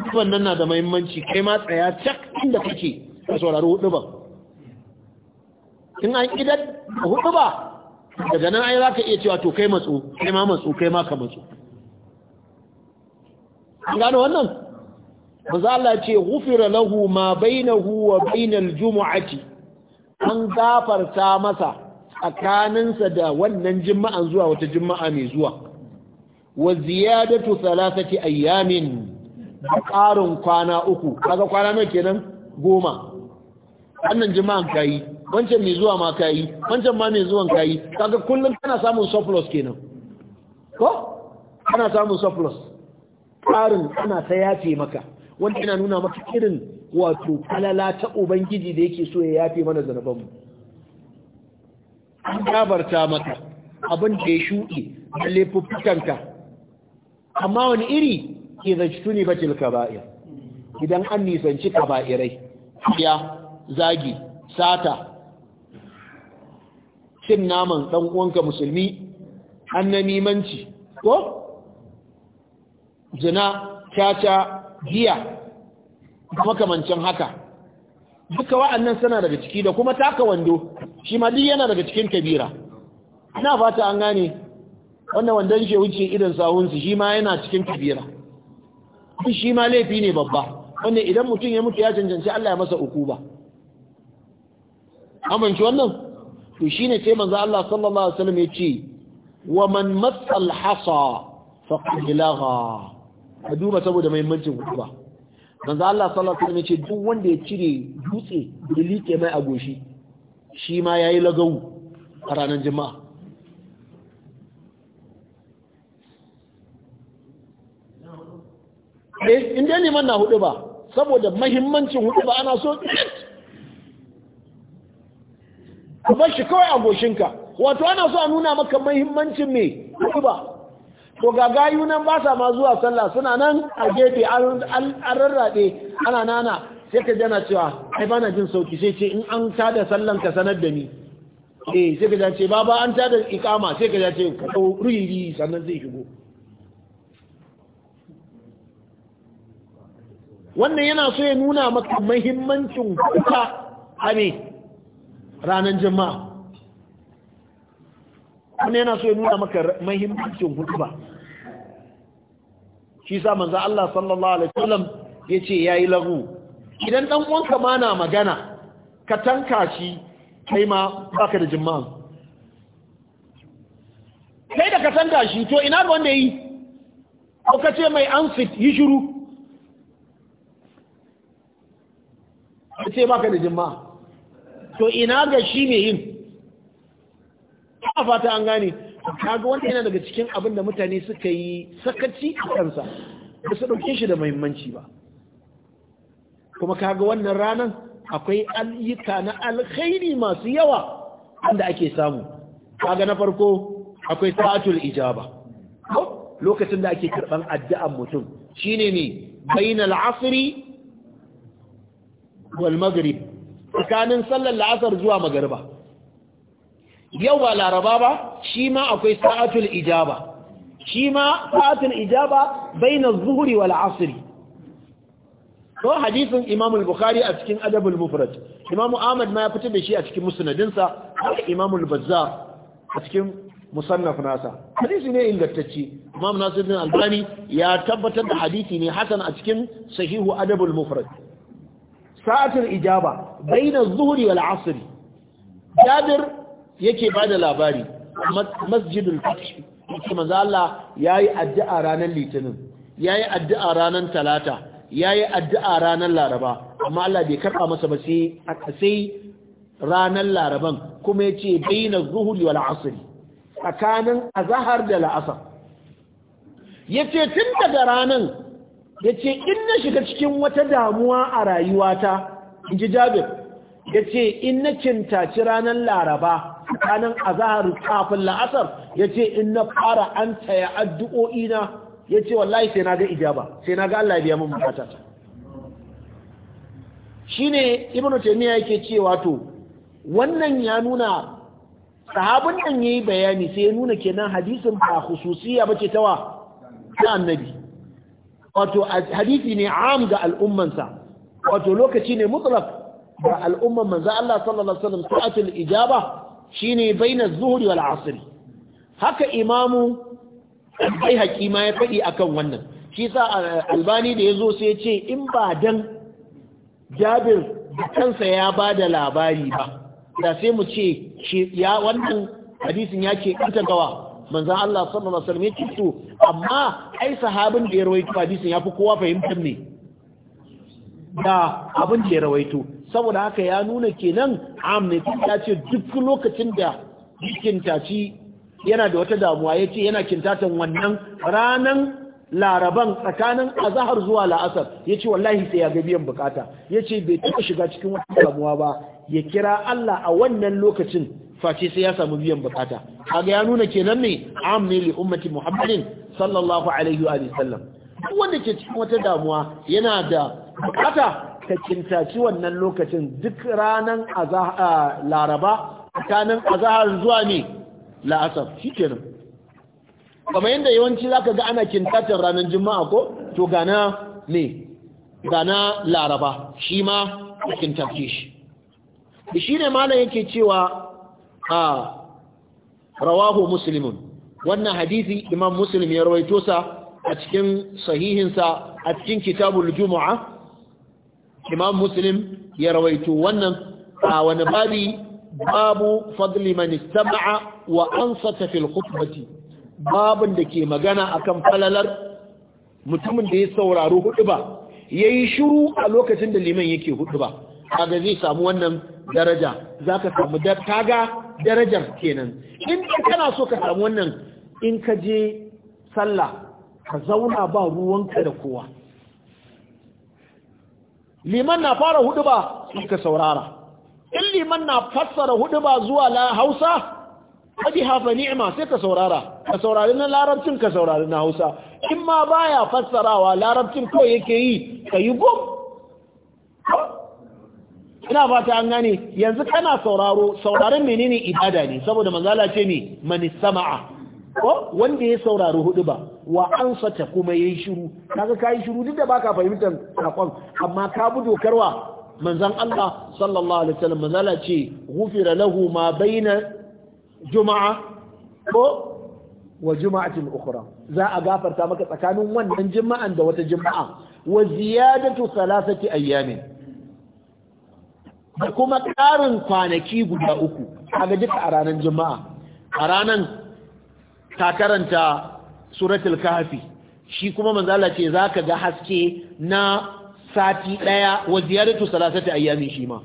duban nan na da mahimmanci kai ma tsaya cak inda kake ka saurari hudu ba in an idan hudu ba daga nan ai za ka iya cewa to kai matso kai ma matso kai ma ka matso an gano wannan maza Allah ce gufira lahu ma bainahu wa bainal jumu'ati an gafarta masa tsakaninsa da wannan juma'an zuwa wata juma'a mai zuwa wa ziyadatu thalathati ayyamin ƙarin kwana uku kaga kwana nawa kenan goma wannan juma'an kai wancan mai zuwa ma kai wancan ma mai zuwan kai kaga kullum kana samun surplus kenan ko kana samun surplus ƙarin ana ta yace maka wanda yana nuna maka irin wato kalala ta ubangiji da yake so ya yafe mana zanabanmu an gabarta maka abin da ya shuɗe da laifuffukanka amma wani iri ke zance ne batil kaba'ir idan an nisanci kaba'irai ya zagi sata cin naman ɗan uwanka musulmi an na nimanci ko zina caca giya makamancin haka duka wa'annan suna daga ciki da kuma taka wando shi ma duk yana daga cikin kabira ina fata an gane wannan wandon shi wuce idan sahunsu shi ma yana cikin kabira shi ma laifi ne babba wanda idan mutum ya mutu ya cancanci Allah ya masa uku ba amince wannan to shine sai manzo Allah sallallahu alaihi wasallam ya ce wa man massal hasa faqad laha. ka duba saboda mahimmancin hutuba manzo Allah sallallahu alaihi wasallam ce duk wanda ya cire dutse da like mai a goshi shi ma yayi lagawu a ranar jima'a. eh inda ne man na hudu ba saboda mahimmancin hudu ba ana so ka bar shi kawai a goshinka wato ana so a nuna maka mahimmancin me hudu ba to ga gayu nan ba sa ma zuwa sallah suna nan a gefe an rarrabe ana nana sai ka jana cewa ai ba na jin sauki sai ce in an tada sallan ka sanar da ni eh sai ka jace ba ba an tada ikama sai ka jace ka ɗau riri sannan zai shigo wannan yana so ya nuna maka mahimmancin kuka a ne ranar jama'a wani yana so ya nuna maka mahimmancin hutuba shi sa manzo Allah sallallahu alaihi wasallam yace yayi lagu idan dan uwanka ma na magana ka tanka shi kai ma baka da jimma'a kai da ka tanka shi to ina da wanda yi ko ka ce mai ansit yi shiru ka ce baka da jimma'a to ina ga shi ne yin a fata an gane kaga wanda yana daga cikin abin da mutane suka yi sakaci a kansa ba su ɗauke shi da muhimmanci ba kuma kaga wannan ranar akwai ayyuka na alkhairi masu yawa wanda ake samu kaga na farko akwai sa'atul ijaba lokacin da ake karɓar addu'ar mutum shine ne bainal asri wal maghrib tsakanin sallar la'asar zuwa magariba yau ba laraba ba shi ma akwai sa'atul ijaba shi ma sa'atul ijaba baina zuhuri wal asri to hadisin imam al-bukhari a cikin adabul mufrad imam ahmad ma ya fito da shi a cikin musnadinsa haka imam al-bazzar a cikin musannaf nasa hadisi ne ingantacce imam nasiruddin albani ya tabbatar da hadisi ne hasan a cikin sahihu adabul mufrad sa'atul ijaba baina zuhri wal asri jabir yake ba da labari masjidul fatih yake manzo Allah yayi addu'a ranar litinin yayi addu'a ranar talata yayi addu'a ranar laraba amma Allah bai karba masa ba sai a sai ranar laraban kuma yace baina zuhri wal asr tsakanin azhar da la'asar yace tun daga ranan yace in na shiga cikin wata damuwa a rayuwata inji Jabir yace in na ci ranar laraba tsakanin azahar kafin la'asar ya ce in na fara an taya addu'o'i na ya ce wallahi sai na ga ijaba sai na ga Allah ya biya min bukata shi ne ibnu taimiyya yake cewa to wannan ya nuna sahabin nan ya yi bayani sai ya nuna kenan hadisin ba ba ce tawa ta annabi wato hadisi ne am ga al'ummansa wato lokaci ne mutlaq ga al'umman manzo Allah sallallahu alaihi wasallam ta'atul ijaba shine baina zuhuri wal asr haka imamu bai ma ya faɗi akan wannan shi sa eh, albani da yazo sai ya ce in ba dan jabir da kansa ya ba da labari ba da sai mu ce ya wannan hadisin ya ce kanta gawa manzan Allah sallallahu alaihi wasallam ya ce amma ai sahabin da ya rawaito hadisin fi kowa fahimtar ne da abin da ya rawaito saboda haka ya nuna kenan am ne ce duk lokacin da kintaci yana da wata damuwa ya ce yana kintatan wannan ranan laraban tsakanin azahar zuwa la'asar ya ce wallahi sai ya ga bukata ya ce bai taɓa shiga cikin wata damuwa ba ya kira Allah a wannan lokacin face sai ya samu biyan bukata kaga ya nuna kenan ne am ne li ummati muhammadin sallallahu alaihi wa sallam wanda ke cikin wata damuwa yana da bukata ka kintaci wannan lokacin duk ranar laraba tsakanin azahar zuwa ne la'asar shi yadda yawanci za ka ga ana kintatar ranar juma'a ko to gana ne gana laraba shi ma kintace shi shi ne malam yake cewa a rawahu Musulmin, wannan hadisi imam muslim ya rawaito sa a cikin sahihinsa a cikin kitabul juma'a imam muslim ya rawaito wannan a wani babi babu fadli man istama'a wa ansata fil khutbati babun da ke magana akan falalar mutumin da ya sauraro huduba yayi shiru a lokacin da liman yake ba. kaga zai samu wannan daraja zaka samu taga darajar kenan in kana so ka samu wannan in ka je sallah ka zauna ba ruwanka da kowa liman na fara hudu ba sai ka saurara in liman na fassara hudu ba zuwa la hausa kaji hafa ni'ima sai ka saurara ka saurari na larabcin ka saurari na hausa in ma baya fassarawa larabcin ko yake yi ka yi gum ina fata an gane yanzu kana sauraro sauraron menene ibada ne saboda manzala ce ne manisama'a ko wanda ya saurari hudu ba wa an sace kuma yayi shiru kaga kai shiru duk da baka fahimtar sakon amma ka bi dokarwa manzon Allah sallallahu alaihi wasallam manzala ce lahu ma baina juma'a ko wa juma'atin ukhra za a gafarta maka tsakanin wannan juma'an da wata juma'a wa ziyadatu thalathati ayyamin da kuma ƙarin kwanaki guda uku a duka a ranar juma'a a ranar ta karanta suratul kahfi shi kuma manzo Allah ce zaka ga haske na sati daya wa ziyaratu salasati ayami shi ma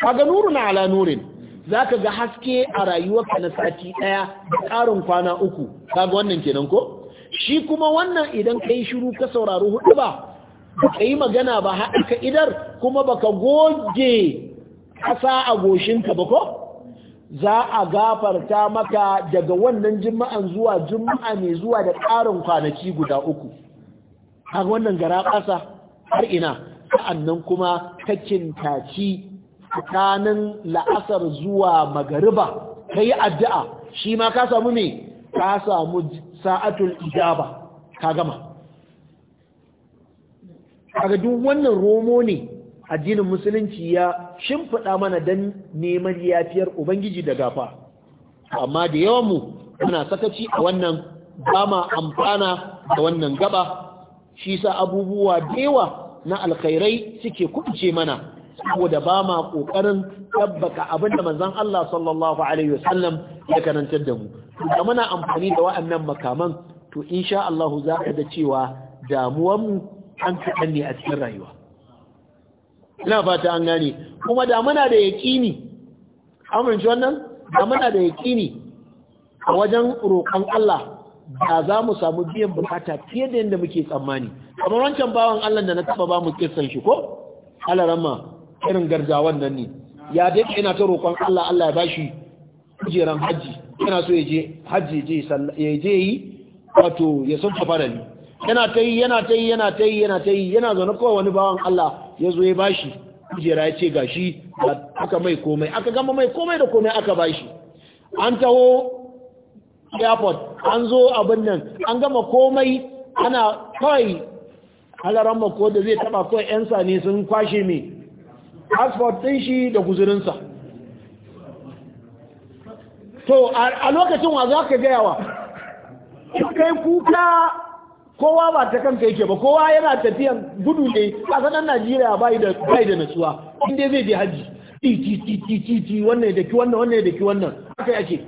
kaga nurun ala nurin zaka ga haske a rayuwarka na sati daya da karin kwana uku kaga wannan kenan ko shi kuma wannan idan kai shiru ka saurari hudu ba kai magana ba haɗa idar kuma baka goge ƙasa a goshinka ba ko za a gafarta maka daga wannan juma'an zuwa juma'a mai zuwa da ƙarin kwanaki guda uku a wannan gara ƙasa har ina sa'annan kuma ta taci tsakanin la'asar zuwa magariba ka yi addu'a shi ma ka samu ne ka samu sa'atul ijaba ka gama kaga duk wannan romo ne addinin musulunci ya shimfiɗa mana don neman yafiyar ubangiji da gafa amma da yawan mu muna sakaci a wannan bama amfana da wannan gaba shi sa abubuwa da yawa na alkhairai suke kunce mana saboda ba ma ƙoƙarin tabbaka abin da manzan Allah sallallahu Alaihi wasallam ya karantar da mu. Da muna amfani da wa'annan makaman to insha Allah za ka da cewa damuwanmu an kaɗan ne a cikin rayuwa. ina fata an gane kuma da muna da yaƙini amince wannan da muna da yaƙini a wajen roƙon Allah da za mu samu biyan bukata fiye da yadda muke tsammani kamar wancan bawan Allah da na taba ba mu kissan shi ko alarama irin gargawan nan ne ya dai ina ta roƙon Allah Allah ya bashi kujeran haji yana so ya je haji je ya je yi wato ya san ne yana ta yi yana ta yi yana ta yi yana ta yi yana zaune kowa wani bawan Allah ya zo ya bashi kujera ya ce gashi aka mai komai aka gama mai komai da komai aka bashi an taho airport an zo abin nan an gama komai ana kawai halaran mako da zai taba kawai 'yan sani sun kwashe mai passport ɗin shi da guzurinsa to a lokacin wa za ka gayawa kai kuka kowa ba ta kanka yake ba kowa yana tafiyan gudu ne a sanar najeriya bai da bai da nasuwa inda zai je hajji ti ti ti ti ti wannan da ki wannan wannan da ki wannan haka yake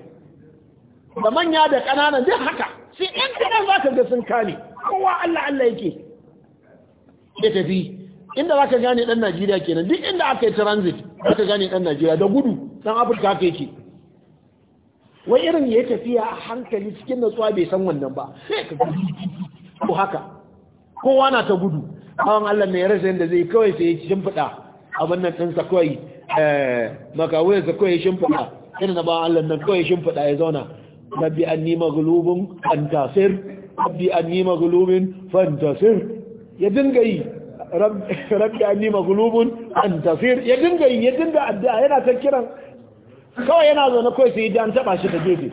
da manya da ƙananan duk haka sai 'yan kaɗan za ka ga sun kowa allah allah yake ya tafi inda za ka gane ɗan najeriya kenan duk inda aka yi transit za ka gane ɗan najeriya da gudu ɗan afirka haka yake wai irin ya tafiya a hankali cikin natsuwa bai san wannan ba ko haka kowa na ta gudu kawan Allah na ya rasa yadda zai kawai sai ya shimfiɗa abin nan ɗinsa kawai eh, makawuyarsa kawai ya shimfiɗa irin na ba Allah nan kawai ya shimfiɗa ya zauna rabbi nima gulubin fantasir rabbi nima gulubin fantasir ya dinga yi rabbi nima gulubin fantasir ya dinga yi ya dinga addu'a yana ta kiran kawai yana zaune kawai sai ya dan taba shi ta gefe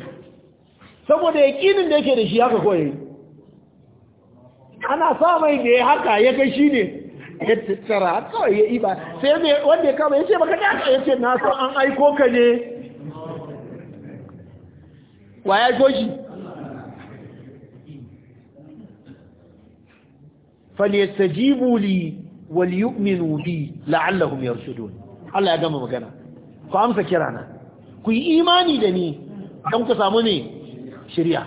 saboda yaƙinin da yake da shi haka kawai ana sa mai da ya haka ya kai shi ne ya tattara kawai ya iba sai mai wanda ya kama ya ce baka daga ya ce na san an aiko ka ne wa ya aiko shi wali لي وليؤمنوا بي لعلهم يرشدون Allah ya gama magana ku amsa kirana ku yi imani da ni don ku samu ne shari'a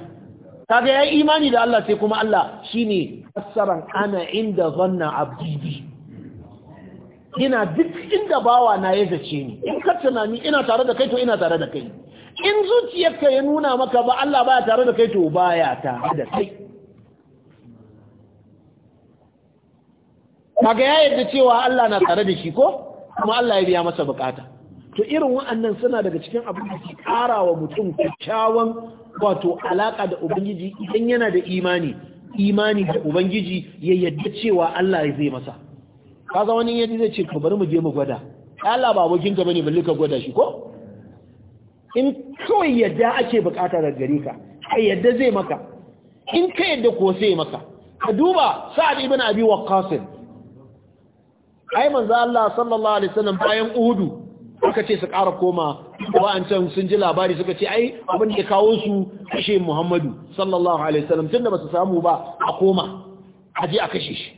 kaga yi imani da Allah sai kuma Allah shi ne. fassara ana inda zanna abdi ina duk inda bawa na ya zace ni in ka tunani ina tare da kai to ina tare da kai in zuciyarka ya nuna maka ba Allah baya tare da kai to baya tare da kai kaga ya yadda cewa Allah na tare da shi ko kuma Allah ya biya masa bukata to irin wa'annan suna daga cikin abin da ke karawa wa mutum kyakkyawan wato alaka da ubangiji idan yana da imani imani da ubangiji ya yadda cewa Allah zai masa kaza wani yadda zai ce ka bari mu je mu gwada Allah ba abokin ka bane balle ka gwada shi ko in kawai yadda ake bukata daga gare ka ka yadda zai maka in ka yadda ko sai maka ka duba sa'ad ibn abi waqqas ai manzo Allah sallallahu alaihi wasallam bayan Uhud suka ce su ƙara koma wa'ancan sun ji labari suka ce ai abin da kawo su kashe muhammadu sallallahu alaihi wasallam tun da ba su samu ba a koma a je a kashe shi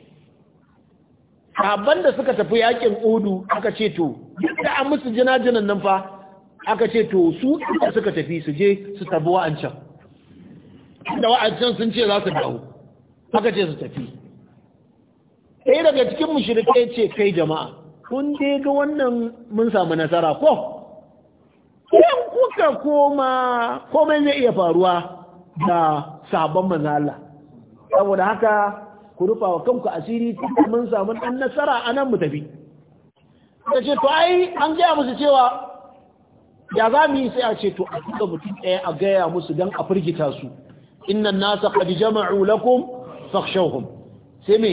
sahabban da suka tafi yakin udu aka ce to da an musu jinajinan nan fa aka ce to su da suka tafi su je su tabi wa'ancan da wa'ancan sun ce za su dawo aka ce su tafi ɗaya daga cikin mushrikai ce kai jama'a kun je ga wannan mun samu nasara ko idan kuka koma komai zai iya faruwa da sabon manzo Allah saboda haka ku rufa wa kanku asiri mun samu dan nasara anan mu tafi ce to ai an gaya musu cewa ya za mu yi sai a ce to a duka mutum ɗaya a gaya musu don a firgita su innan nasa qad jama'u lakum fakhshawhum sai me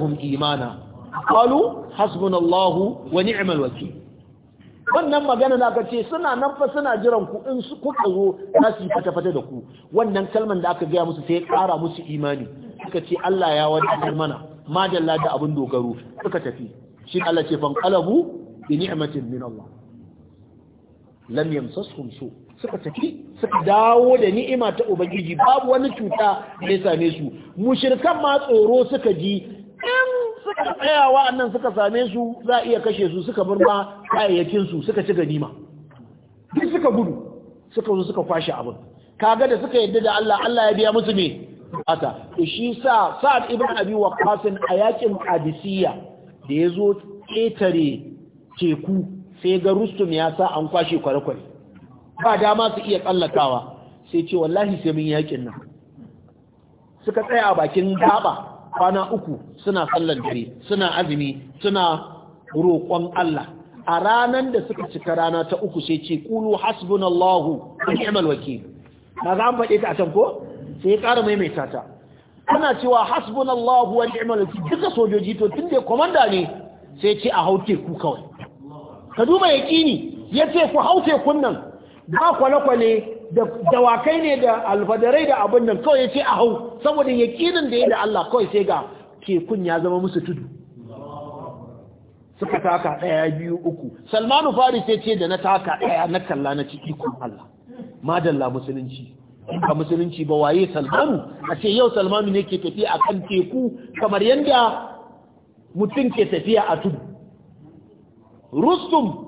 hum imana qalu hasbunallahu wa ni'mal wakil wannan magana da aka ce suna nan fa suna jiran ku in su ku tsaro za su fata-fata da ku wannan kalman da aka gaya musu sai ƙara musu imani suka ce Allah ya wadatar mana madalla da abin dogaro suka tafi shi Allah ce fan qalabu bi ni'matin min Allah lam yamsasuhum su suka tafi suka dawo da ni'ima ta ubangiji babu wani cuta da ya same su mushrikan ma tsoro suka ji suka tsayawa annan suka same su za iya kashe su suka ma kayayyakin su suka ci ganima duk suka gudu suka zo suka kwashe abin kaga da suka yadda da Allah Allah ya biya musu me ata shi sa Sa'ad ibn Abi Waqqas a yakin Qadisiyya da yazo ketare teku sai ga Rustum ya sa an kwashe kwarkwari ba dama su iya tsallakawa sai ce wallahi sai mun yakin nan suka tsaya a bakin gaba kwana uku suna sallar dare suna azumi suna roƙon Allah a ranar da suka cika rana ta uku sai ce kulu hasbunallahu wa ni'mal wakil na za mu faɗe ta a can ko sai ya ƙara maimaita ta ana cewa hasbunallahu wa ni'mal wakil duka sojoji to tun da komanda ne sai ce a haute ku kawai ka duba yaqini yace ku haute kunnan, ba kwale-kwale dawakai ne da alfadarai da abin nan kawai ya ce a hau saboda yakinin da ya da Allah kawai sai ga kekun ya zama musu tudu suka taka ɗaya biyu uku salmanu faris ya ce da na taka ɗaya na kalla na ci kun Allah madalla musulunci ba musulunci ba waye salmanu a ce yau salmanu ne ke tafiya a kan teku kamar yadda mutum ke tafiya a tudu rustum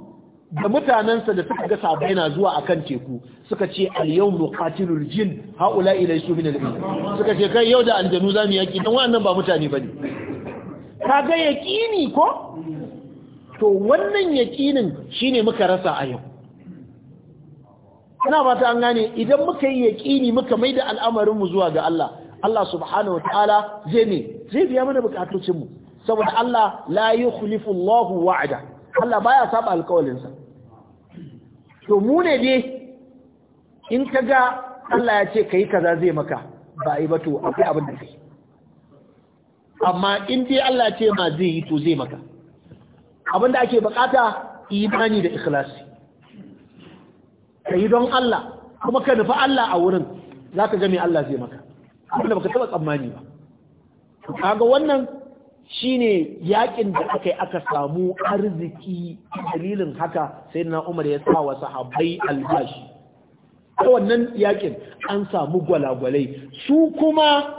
da mutanensa da suka ga sabai na zuwa akan teku suka ce al-yawm nuqatilul jin haula ilaysu min al-ilm suka ce kai yau da aljanu zamu yaki dan wannan ba mutane bane kaga yakini ko to wannan yakinin shine muka rasa a yau ina fata an gane idan muka yi yakini muka maida al'amarin mu zuwa ga Allah Allah subhanahu wataala zai ne zai biya mana bukatun mu saboda Allah la yukhlifu Allahu wa'ada Allah baya saba sa to mu ne dai in ka ga Allah ya ce ka yi kaza zai maka ba yi ba to akwai abin da kai amma in dai Allah ce ma zai yi to zai maka abin da ake bukata imani da ikhlasi ka yi don Allah kuma ka nufi Allah a wurin za ka ga me Allah zai maka abin da baka taba tsammani ba ka ga wannan shine yakin da aka yi aka samu arziki dalilin haka sai na umar ya sa wa sahabbai albashi ta wannan yakin an samu gwalagwalai su kuma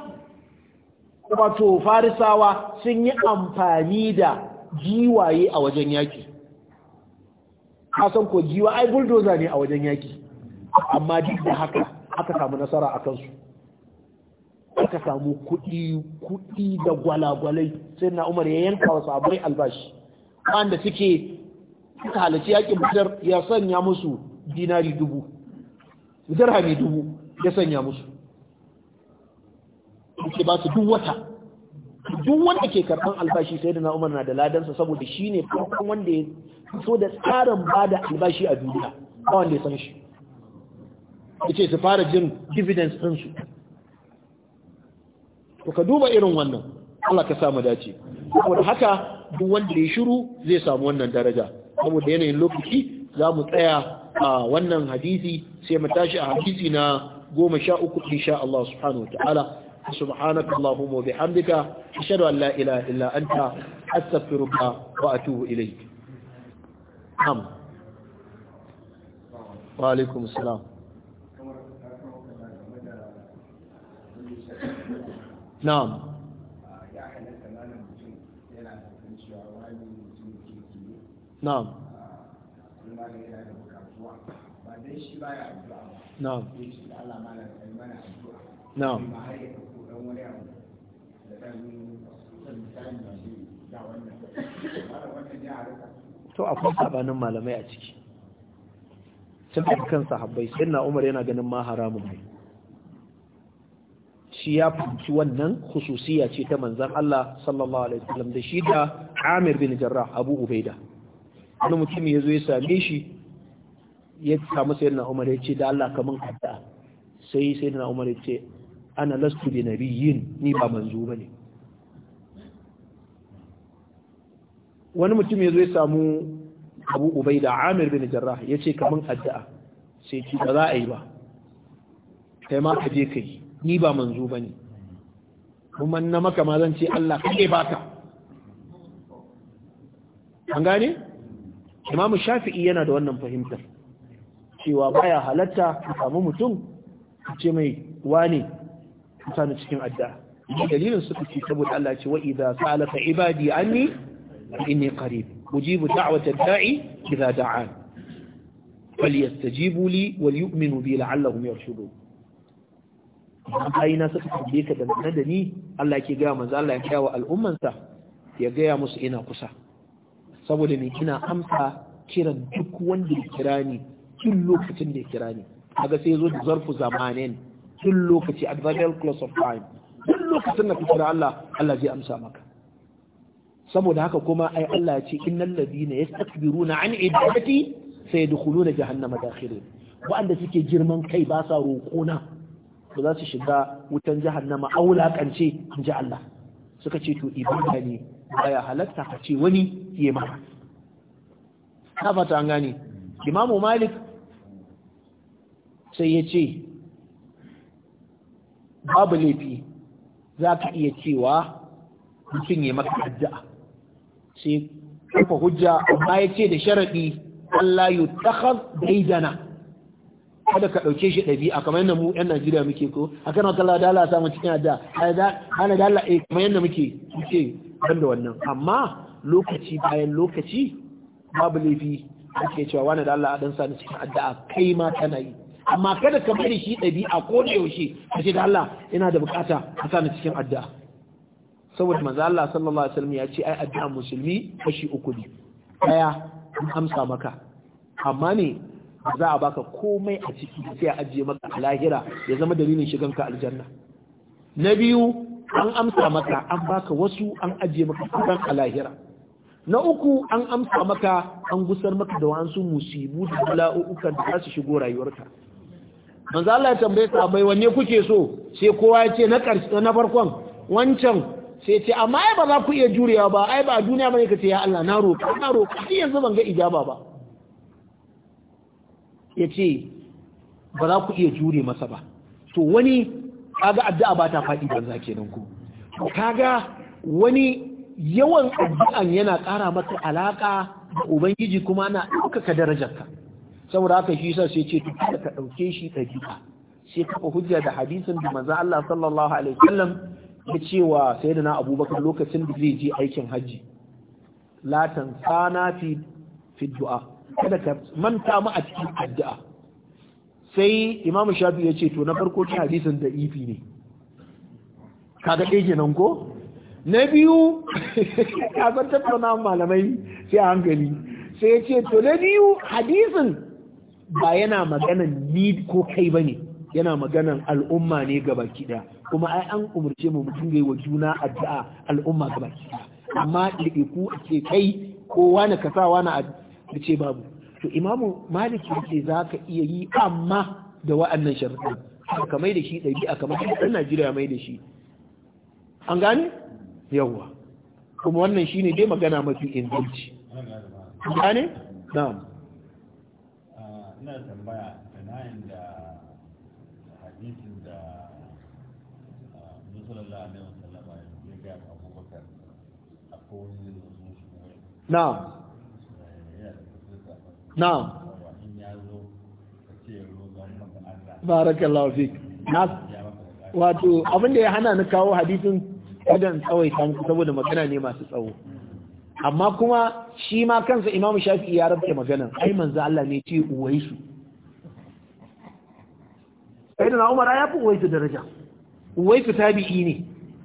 wato farisawa sun yi amfani da giwaye a wajen yaki kasan ko giwa ai bulldozer ne a wajen yaki amma duk da haka aka samu nasara a kansu aka samu kuɗi kuɗi da gwalagwalai sai na umar ya yanka wa sabai albashi wanda suke suka halarci yakin mutar ya sanya musu dinari dubu dirhami dubu ya sanya musu ba su duk wata duk wanda ke karɓan albashi sai da na na da ladansa saboda shi ne farkon wanda ya so da tsarin ba da albashi a duniya ba wanda ya san shi ya ce su fara jin dividends ɗinsu to ka duba irin wannan Allah ka samu dace saboda haka duk wanda ya shiru zai samu wannan daraja saboda yanayin lokaci za mu tsaya a wannan hadisi sai mu tashi a hadisi na goma sha uku insha Allah subhanahu wa ta'ala سبحانك اللهم وبحمدك أشهد أن لا إله إلا أنت أستغفرك وأتوب إليك نعم وعليكم السلام na'am na'am na'am na'am to akwai sabanin malamai a ciki sun kan sahabbai sai na umar yana ganin ma haramun mai shi ya fahimci wannan khususiya ce ta manzan Allah sallallahu alaihi wasallam da shi da Amir bin Jarrah Abu Ubaida wani mutum ya zo ya same shi ya samu sayyidina Umar ya ce da Allah kaman addu'a sai sayyidina Umar ya ce ana lastu bi nabiyyin ni ba manzo bane wani mutum ya zo ya samu Abu Ubaida Amir bin Jarrah ya ce kaman addu'a sai ce ba za a yi ba kai ma ka je ka yi ni ba manzo ba ne kuma na maka ma zan ce Allah kaɗai ba ka an gane? imamu shafi'i yana da wannan fahimtar cewa baya halatta ka samu mutum ka ce mai wane ka sani cikin adda dalilin suka ce saboda Allah ce wa idza salaka ibadi anni inni qarib ujibu da'wata da'i idza da'an falyastajibu li wal yu'minu bi la'allahum yarshudun idan bayina suka tambaye ka dangane da ni Allah ke gaya manzo Allah ya gaya wa al'ummansa ya gaya musu ina kusa saboda me ina amsa kiran duk wanda ya kira ni tun lokacin da ya kira ni kaga sai zo da zarfu zamanin tun lokaci adverbial clause of time tun lokacin da ka kira Allah Allah zai amsa maka saboda haka kuma ai Allah ya ce innal ladina yastakbiruna an ibadati sayadkhuluna jahannama dakhirin wa'anda suke girman kai ba sa roƙona to za su shiga wutan jahannama a wulaƙance in ji Allah suka ce to ibada ne baya halatta a ce wani ya mara na fata an gani. imamu malik sai ya ce babu laifi za ka iya cewa mutum ya maka addu'a sai kafa hujja amma ya ce da sharaɗi Allah yi takhaz daidana kada ka ɗauke shi ɗabi'a kamar yadda mu 'yan Najeriya muke ko a kan wata lada Allah samu cikin adda ana da Allah eh, kamar yadda muke muke ban da wannan amma lokaci bayan lokaci babu laifi ake cewa wani da Allah ɗan sani cikin addu'a kai ma kana yi amma kada ka bari shi ɗabi'a ko da yaushe ka ce da Allah ina da bukata ka sani cikin addu'a saboda manzo Allah sallallahu alaihi wasallam ya ce ai addu'a musulmi kashi uku ne daya an amsa maka amma ne za a baka komai a ciki sai a ajiye maka a lahira ya zama dalilin shiganka aljanna na biyu an amsa maka an baka wasu an ajiye maka kudan a lahira na uku an amsa maka an gusar maka da wasu musibu da bala'u'ukan da za su shigo rayuwarka manzo Allah ya tambaye bai wanne kuke so sai kowa ya ce na karshe na farkon wancan sai ce amma ai ba za ku iya jurewa ba ai ba a duniya bane ka ce ya Allah na roƙa na roƙa sai yanzu ban ga ijaba ba ya ce ba za ku iya jure masa ba to wani kaga addu'a ba ta faɗi banza kenan ku kaga wani yawan addu'an yana ƙara maka alaƙa da ubangiji kuma na ɗaukaka darajarka saboda haka shi yasa sai ce to kada ka ɗauke shi ɗabi'a sai kafa hujja da hadisin da manzo Allah sallallahu alaihi wasallam ya ce wa sayyidina Abubakar lokacin da zai je aikin haji la tansana fi fi du'a kada ka manta mu a cikin addu'a sai imamu shafi ya ce to na farko ta hadisin da ifi ne kaga ɗaya kenan ko na biyu ka san tattauna malamai sai a hankali sai ya ce to na biyu hadisin ba yana maganan ni ko kai ba ne yana maganan al'umma ne gabaki ɗaya kuma ai an umarce mu mutum yi wa juna addu'a al'umma gabaki ɗaya amma ɗaiɗaiku a ce kai ko wani kasawa na da ce babu to imamu malik ya ce za ka iya yi amma da wa'annan sharuɗin ka mai da shi a kamar ɗan najeriya mai da shi an gane yawwa kuma wannan shi ne dai magana mafi inganci an gane na'am ina tambaya da sanayin da hadisin da musulullah alaihi wasallam ya ga abubakar a akwai wani na'am na'am barakallahu fik na wato abin da ya hana ni kawo hadisin wajen tsawai muku saboda magana ne masu tsawo amma kuma shi ma kansa imam shafi'i ya rabta magana ai manzo Allah ne ce uwaisu sai da Umar ya fi uwaisu daraja uwaisu tabi'i ne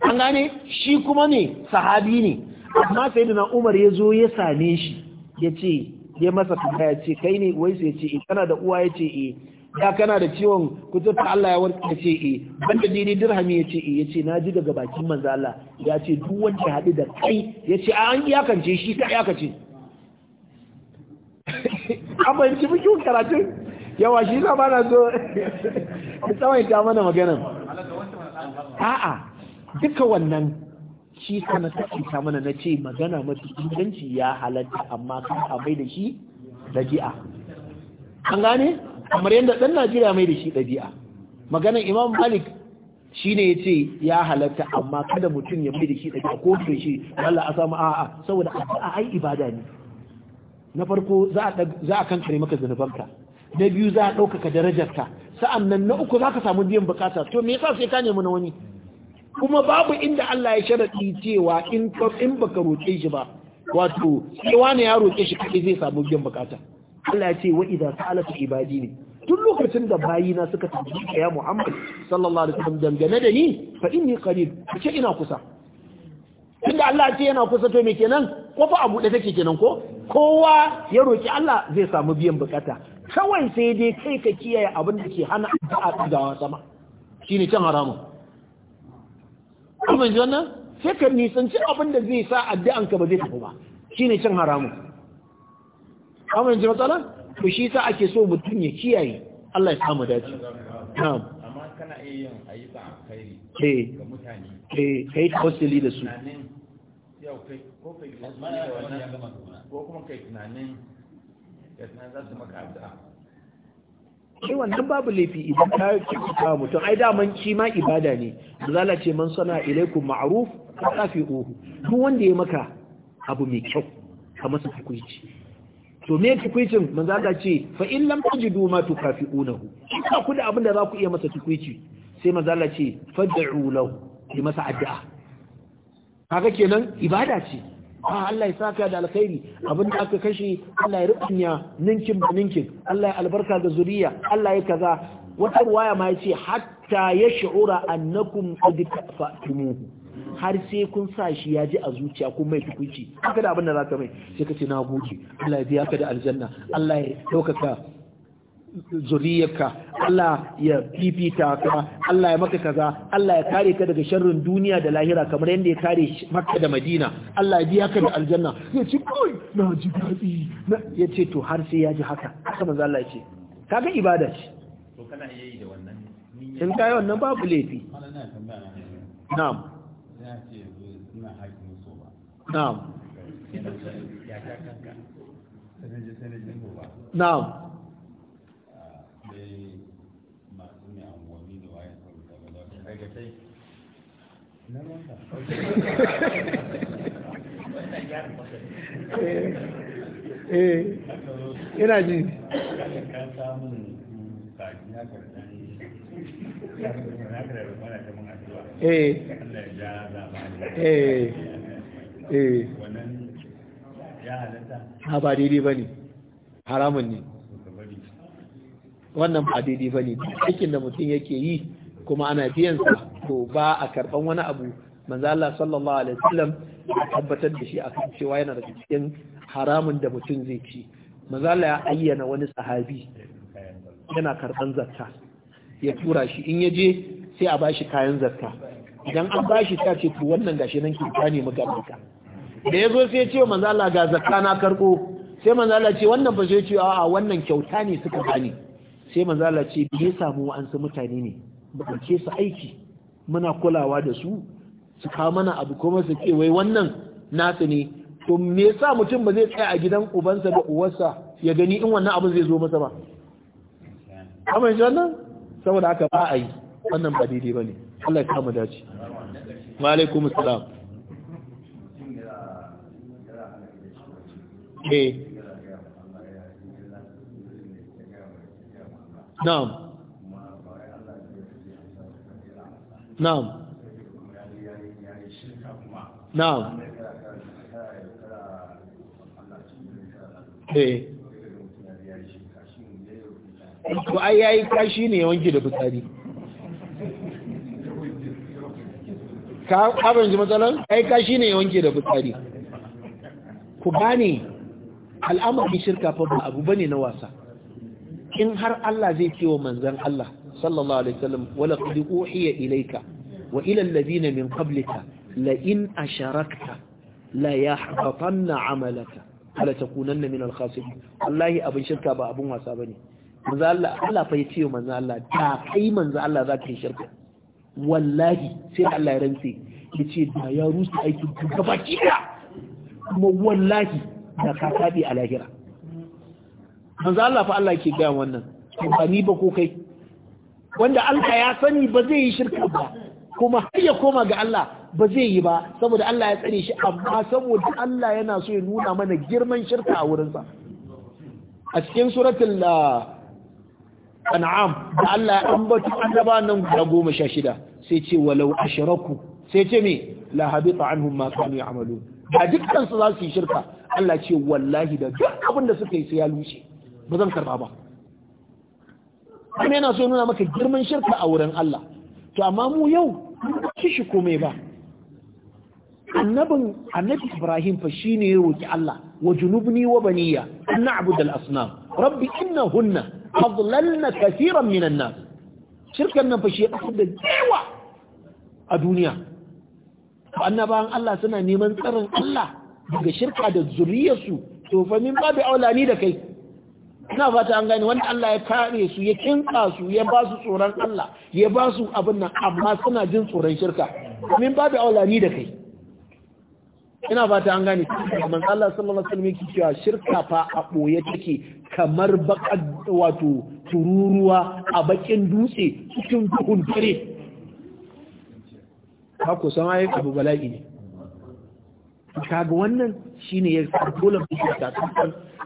an gane shi kuma ne sahabi ne amma sai da Umar ya zo ya same shi ya ce ya masa tambaya ce kai ne wai sai ce eh, kana da uwa ya ce eh da kana da ciwon kuturta Allah ya warke ya ce eh banda dini dirhami ya ce eh ya ce na ji daga bakin manzo Allah ya ce duk wanda haɗu da kai ya ce ah, an iyakance shi yaka iyakace an bayanci muke karatun yawa shi za ba na so ta mana maganan a'a duka wannan shi kana ta mana na ce magana mafi inganci ya halatta amma kan amai da shi ɗabi'a an gane kamar yadda ɗan najeriya mai da shi ɗabi'a maganar imam malik shi ne ya ce ya halatta amma kada mutum ya mai da shi ɗabi'a ko ke shi wala a samu a'a saboda addu'a ai ibada ne na farko za a kankare maka zanubanka na biyu za a ɗaukaka darajarka sa'an nan na uku za ka samu biyan bukata to me yasa sai ka nemi na wani kuma babu inda Allah ya sharaɗi cewa in in baka roƙe shi ba wato sai wani ya roƙe shi kai zai samu biyan bukata Allah ya ce wa idza sa'alaka ibadi ne tun lokacin da bayina suka tambaye ka ya Muhammad sallallahu alaihi wasallam dangane da ni fa inni qarib kace ina kusa Inda Allah ya ce yana kusa to me kenan kofa abu da take kenan ko kowa ya roki Allah zai samu biyan bukata kawai sai dai kai ka kiyaye abin da ke hana addu'a dawa sama shine cin haramun kuma ji wannan sai ka nisanci abin da zai sa addu'an ka ba zai tafi ba shine cin haramun kuma ji matsala to shi sa ake so mutum ya kiyaye Allah ya samu dace na'am kana iya yin ayyuka eh. ga mutane eh kai da su ko sai wannan babu laifi idan ka kyautata mutum ai man ci ma ibada ne zala ce man sana ilaikum ma'ruf ka tafi uhu duk wanda ya maka abu mai kyau ka masa hukunci to me tukwicin manzo Allah ce fa in lam tajidu ma tukafi'unahu ka ku da abin da za ku iya masa tukwici sai manzo Allah ce fad'u lahu yi masa addu'a kaga kenan ibada ce ba ah, Allah ya saka da alkhairi abin da aka kashe Allah ya rubunya ninkin ba ninkin Allah ya albarka ga zuriya Allah ya kaza wata ruwaya ma ya ce, hatta yash'ura annakum qad fa'tumuhu har sai kun sa shi ya ji a zuciya kun mai tukunci haka da abin da zaka mai sai ka ce na gode Allah ya biya ka da aljanna Allah ya ɗaukaka zuriyarka Allah ya fifita ka Allah ya maka kaza Allah ya kare ka daga sharrin duniya da lahira kamar yadda ya kare Makka da Madina Allah ya biya ka da aljanna ya ce kai na ji dadi ya ce to har sai ya ji haka haka manzo Allah ya ce kaga ibada ce to kana yayi da wannan in kai wannan babu laifi na'am na'am na'am barkatai eh, eh ina ji eh. Eh, ha ba daidai ba ne haramun ne wannan ba daidai ba ne aikin da mutum yake yi kuma ana biyan sa to ba a karban wani abu manzo Allah sallallahu alaihi wasallam ya tabbatar da shi akan cewa yana daga cikin haramun da mutum zai ci manzo Allah ya ayyana wani sahabi yana karban zakka ya tura shi in ya je sai a bashi kayan zakka idan an bashi ta ce to wannan gashi nan ki tani muka baka da yazo sai ya ce manzo Allah ga zakka na karko sai manzo Allah ce wannan ba zai ce a'a wannan kyauta ne suka bani sai manzo Allah ce bai samu an su mutane ne bukace su aiki muna kulawa da su su kawo mana abu kuma su ce wai wannan nasu ne to me yasa mutum ba zai tsaya a gidan ubansa da uwarsa ya gani in wannan abin zai zo masa ba amma shi wannan saboda haka ba a yi wannan ba daidai ba ne Allah ya kama dace wa alaikum salam eh na'am na'am na'am eh ko ai yayi kashi ne ya da fitsari ka abin ji matsalan ai kashi ne ya da fitsari ku gane al'amarin shirka fa ba abu bane na wasa in har Allah zai ce wa manzon Allah sallallahu alaihi wasallam wala qad uhiya ilayka wa ila alladhina min qablika la in asharakta la yahbatanna amalaka ala takunanna min al-khasirin wallahi abin shirka ba abin wasa manzo Allah Allah fa yace manzo Allah da kai manzo Allah za ka yi shirka wallahi sai Allah ya rantse yace da ya rusu aikin ka gabaki da. kuma wallahi da ka tabi a lahira manzo Allah fa Allah yake ga wannan ba ni ba ko kai wanda Allah ya sani ba zai yi shirka ba kuma har ya koma ga Allah ba zai yi ba saboda Allah ya tsare shi amma saboda Allah yana so ya nuna mana girman shirka a wurinsa a cikin suratul ah, an'am da Allah ya ambaci annaba nan guda goma sha shida sai ce walau ashraku sai ce me la habita anhum ma kanu ya'malun da dukkan su za su yi shirka Allah ce wallahi da duk abin da suka yi sai ya luce ba zan karba ba kuma yana so nuna maka girman shirka a wurin Allah to amma mu yau kishi komai ba annabin annabi Ibrahim fa shine ya roki Allah wa junubni wa baniya an na'budu al-asnam rabbi innahunna adlalna katiran minan nas shirkan nan fa shi ya da yawa a duniya annabawan Allah suna neman tsarin Allah daga shirka da zuriyarsu to fa min babu aulani da kai ina fata an gani wanda Allah ya kare su ya kinka su ya ba su tsoron Allah ya ba su abin nan amma suna jin tsoron shirka min babu aula ni da kai ina fata an gani amma Allah sallallahu alaihi wasallam yake cewa shirka fa a boye take kamar baka wato tururuwa a bakin dutse cikin duhun dare ka ku san ai abu bala'i ne kaga wannan shine ya dole mu shirka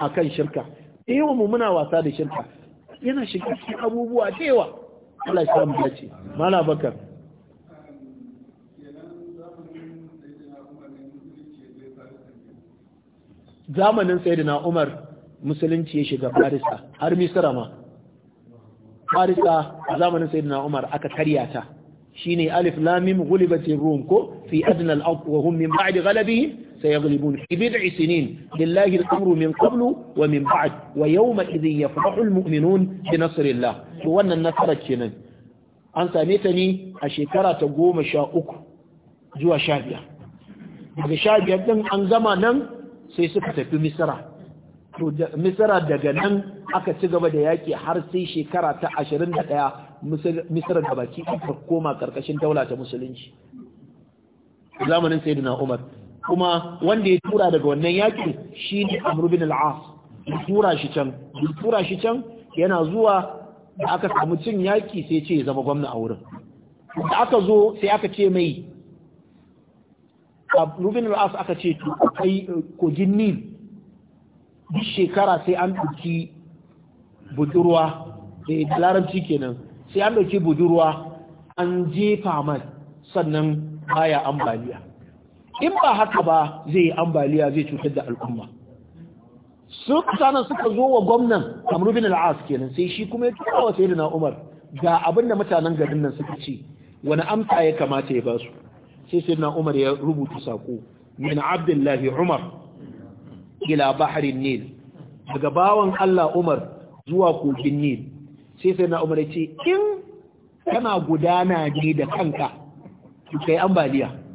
akan shirka da yawa mu muna wasa da shirka yana shiga cikin abubuwa da yawa Allah ya samu dace mala bakar zamanin sayyidina Umar musulunci ya shiga Farisa har Misra ma Farisa a zamanin sayyidina Umar aka karya ta shine alif lam mim ghulibatir rum ko fi adna al-ard wa hum min ba'di ghalabihim سيغلبون في بضع سنين لله الأمر من قبل ومن بعد ويومئذ يفرح المؤمنون بنصر الله وأن النصر كنن an same ta ne a shekara ta goma sha uku zuwa sha daga sha ɗin an gama nan sai suka tafi misira misira daga nan aka ci gaba da yaki har sai shekara ta ashirin da ɗaya misira da baki aka koma ƙarƙashin daula ta musulunci zamanin saidina umar kuma wanda ya tura daga wannan yakin shi ne amru bin al'as tura shi can tura shi can yana zuwa da aka samu cin yaki sai ce zama gwamna a wurin da aka zo sai aka ce mai amru bin al'as aka ce to kai kogin nil duk shekara sai an ɗauki budurwa da larabci kenan sai an ɗauki budurwa an jefa mai sannan baya ambaliya in ba haka ba zai yi ambaliya zai cutar da al'umma su kusanan suka zo wa gwamnan kamar bin al'as kenan sai shi kuma ya tura wa sayyidina umar ga abin da mutanen garin nan suka ce wani amsa ya kamata ya basu sai sayyidina umar ya rubuta sako min abdullahi umar ila baharin nil daga bawan Allah umar zuwa kogin nil sai sayyidina umar ya ce in kana gudana ne da kanka kai ambaliya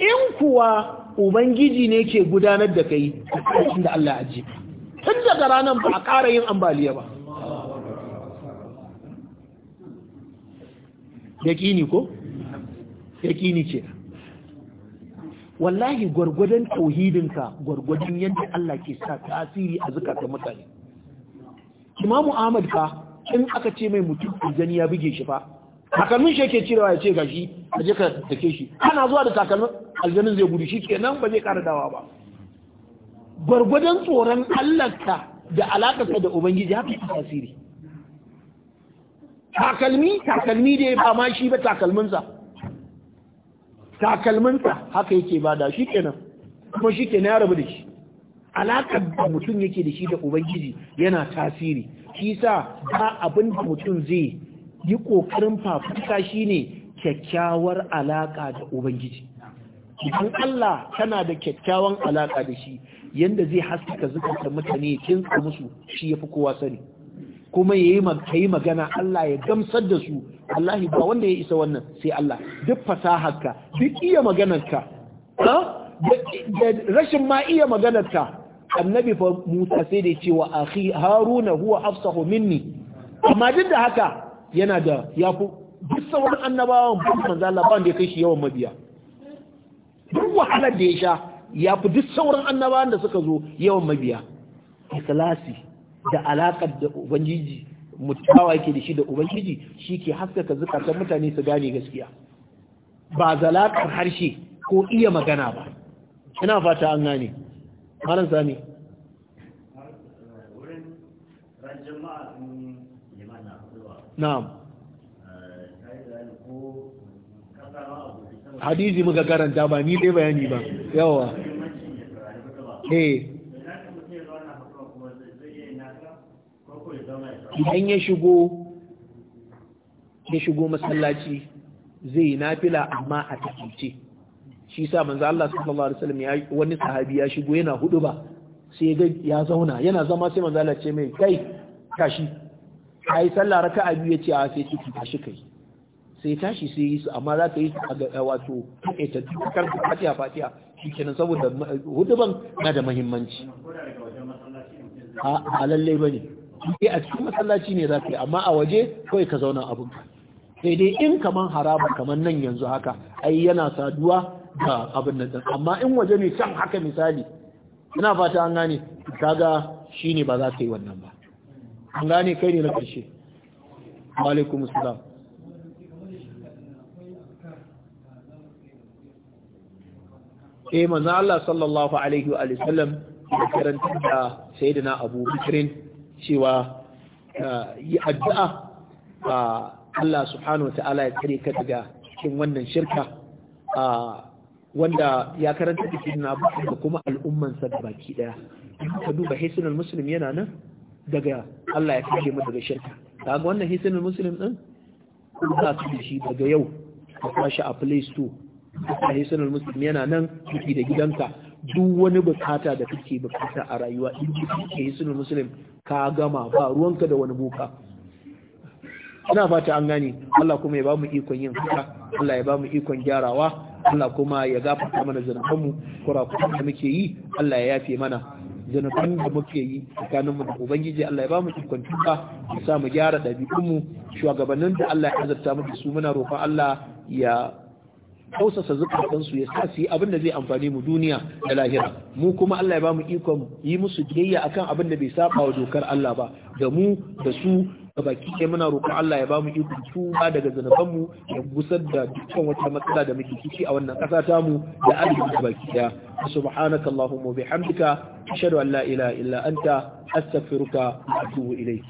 in kuwa ubangiji ne ke gudanar da kai a da Allah aji tun daga ranar ba a ƙara yin ambaliya ba yaƙini ko? yaƙini ce wallahi gwargwadon tauhidinka gwargwadon yadda Allah ke sa tasiri a zukatan mutane imamu ahmad ka in aka ce mai mutum zani ya buge shi fa takalmin shi yake cirewa ya ce gashi a je ka take shi ana zuwa da takalmin aljanin zai gudu shikenan ba zai kara dawa ba gwargwadon tsoron Allahnka da alakarka da ubangiji haka yi tasiri takalmi takalmi da ya ba ma shi ba takalminsa takalminsa haka yake da shi nan kuma shi kenan ya rabu da shi alaƙar da mutum yake da shi da ubangiji yana tasiri shi sa ba abin da mutum zai yi ƙoƙarin fafuka shi ne kyakkyawar alaƙa da ubangiji idan Allah kana da kyakkyawan alaka da shi yanda zai haskaka zukatan mutane kinsa musu shi fi kowa sani kuma yayi yi magana Allah ya gamsar da su wallahi ba wanda ya isa wannan sai Allah duk fasaharka duk iya maganarka da rashin ma iya maganarka annabi fa Musa sai da cewa akhi Haruna huwa afsahu minni amma duk da haka yana da fi. duk sauran annabawan manzo Allah ba wanda ya kai shi yawan mabiya duk wahalar da ya sha ya fi duk sauran annabawan da suka zo yawan mabiya ikilasi da alaƙar da ubangiji mutawa yake da shi da ubangiji shi ke haskaka zukatan mutane su gane gaskiya ba zalaƙar harshe ko iya magana ba ina fata an gane malam sami na'am hadisi muka karanta ba ni dai bayani ba yawa eh idan ya shigo ya shigo masallaci zai yi nafila amma a takaice shi sa manzo Allah sallallahu alaihi wasallam ya wani sahabi ya shigo yana hudu ba sai ga ya zauna yana zama sai manzo Allah ce mai kai tashi kai sallah raka'a biyu yace a sai kiki tashi kai sai tashi sai yi su amma za ka yi a wato taƙaitattu a da fatiya fatiya shi kenan saboda huduban na da mahimmanci a lallai ba ne sai a cikin masallaci ne za ka yi amma a waje kawai ka zauna abin sai dai in kaman haraba kaman nan yanzu haka ai yana saduwa da abin nan amma in waje ne can haka misali Yana fata an gane kaga shine ba za ka yi wannan ba an gane kai ne na ƙarshe wa sai eh, manzo Allah sallallahu alaihi wa sallam karanta da sayyidina Abu Bakr cewa ah, yi addu'a a Allah subhanahu wa ya tsare ka daga cikin wannan shirka ah, wanda ya karanta da abu Bakr da kuma al'ummansa da baki daya ka duba hisnul muslim yana nan daga Allah ya kare mu daga shirka kaga wannan hisnul muslim din za su shi daga yau ka kwashi a place 2 Asahi Muslim yana nan ciki da gidanka duk wani bukata da kake bukata a rayuwa in ciki da Muslim ka gama ba ruwanka da wani boka. Ina fata an gane Allah kuma ya ba mu ikon yin haka Allah ya ba mu ikon gyarawa Allah kuma ya gafarta mana zanafanmu kurakuran da muke yi Allah ya yafe mana zanafan da muke yi tsakaninmu da ubangiji Allah ya ba mu ikon tuka ya sa mu gyara ɗabi'unmu shugabannin da Allah ya azabta mu da su muna roƙon Allah ya tausasa zukatansu ya sa su yi abin da zai amfani mu duniya da lahira mu kuma Allah ya ba mu ikon yi musu biyayya akan abin da bai saba wa dokar Allah ba da mu da su da baki muna roƙo Allah ya ba mu ikon tuba daga mu ya gusar da dukkan wata matsala da muke ciki a wannan ƙasa ta mu da arziki da baki ɗaya subhanaka allahumma bihamdika ashhadu an la ilaha illa anta astaghfiruka wa atubu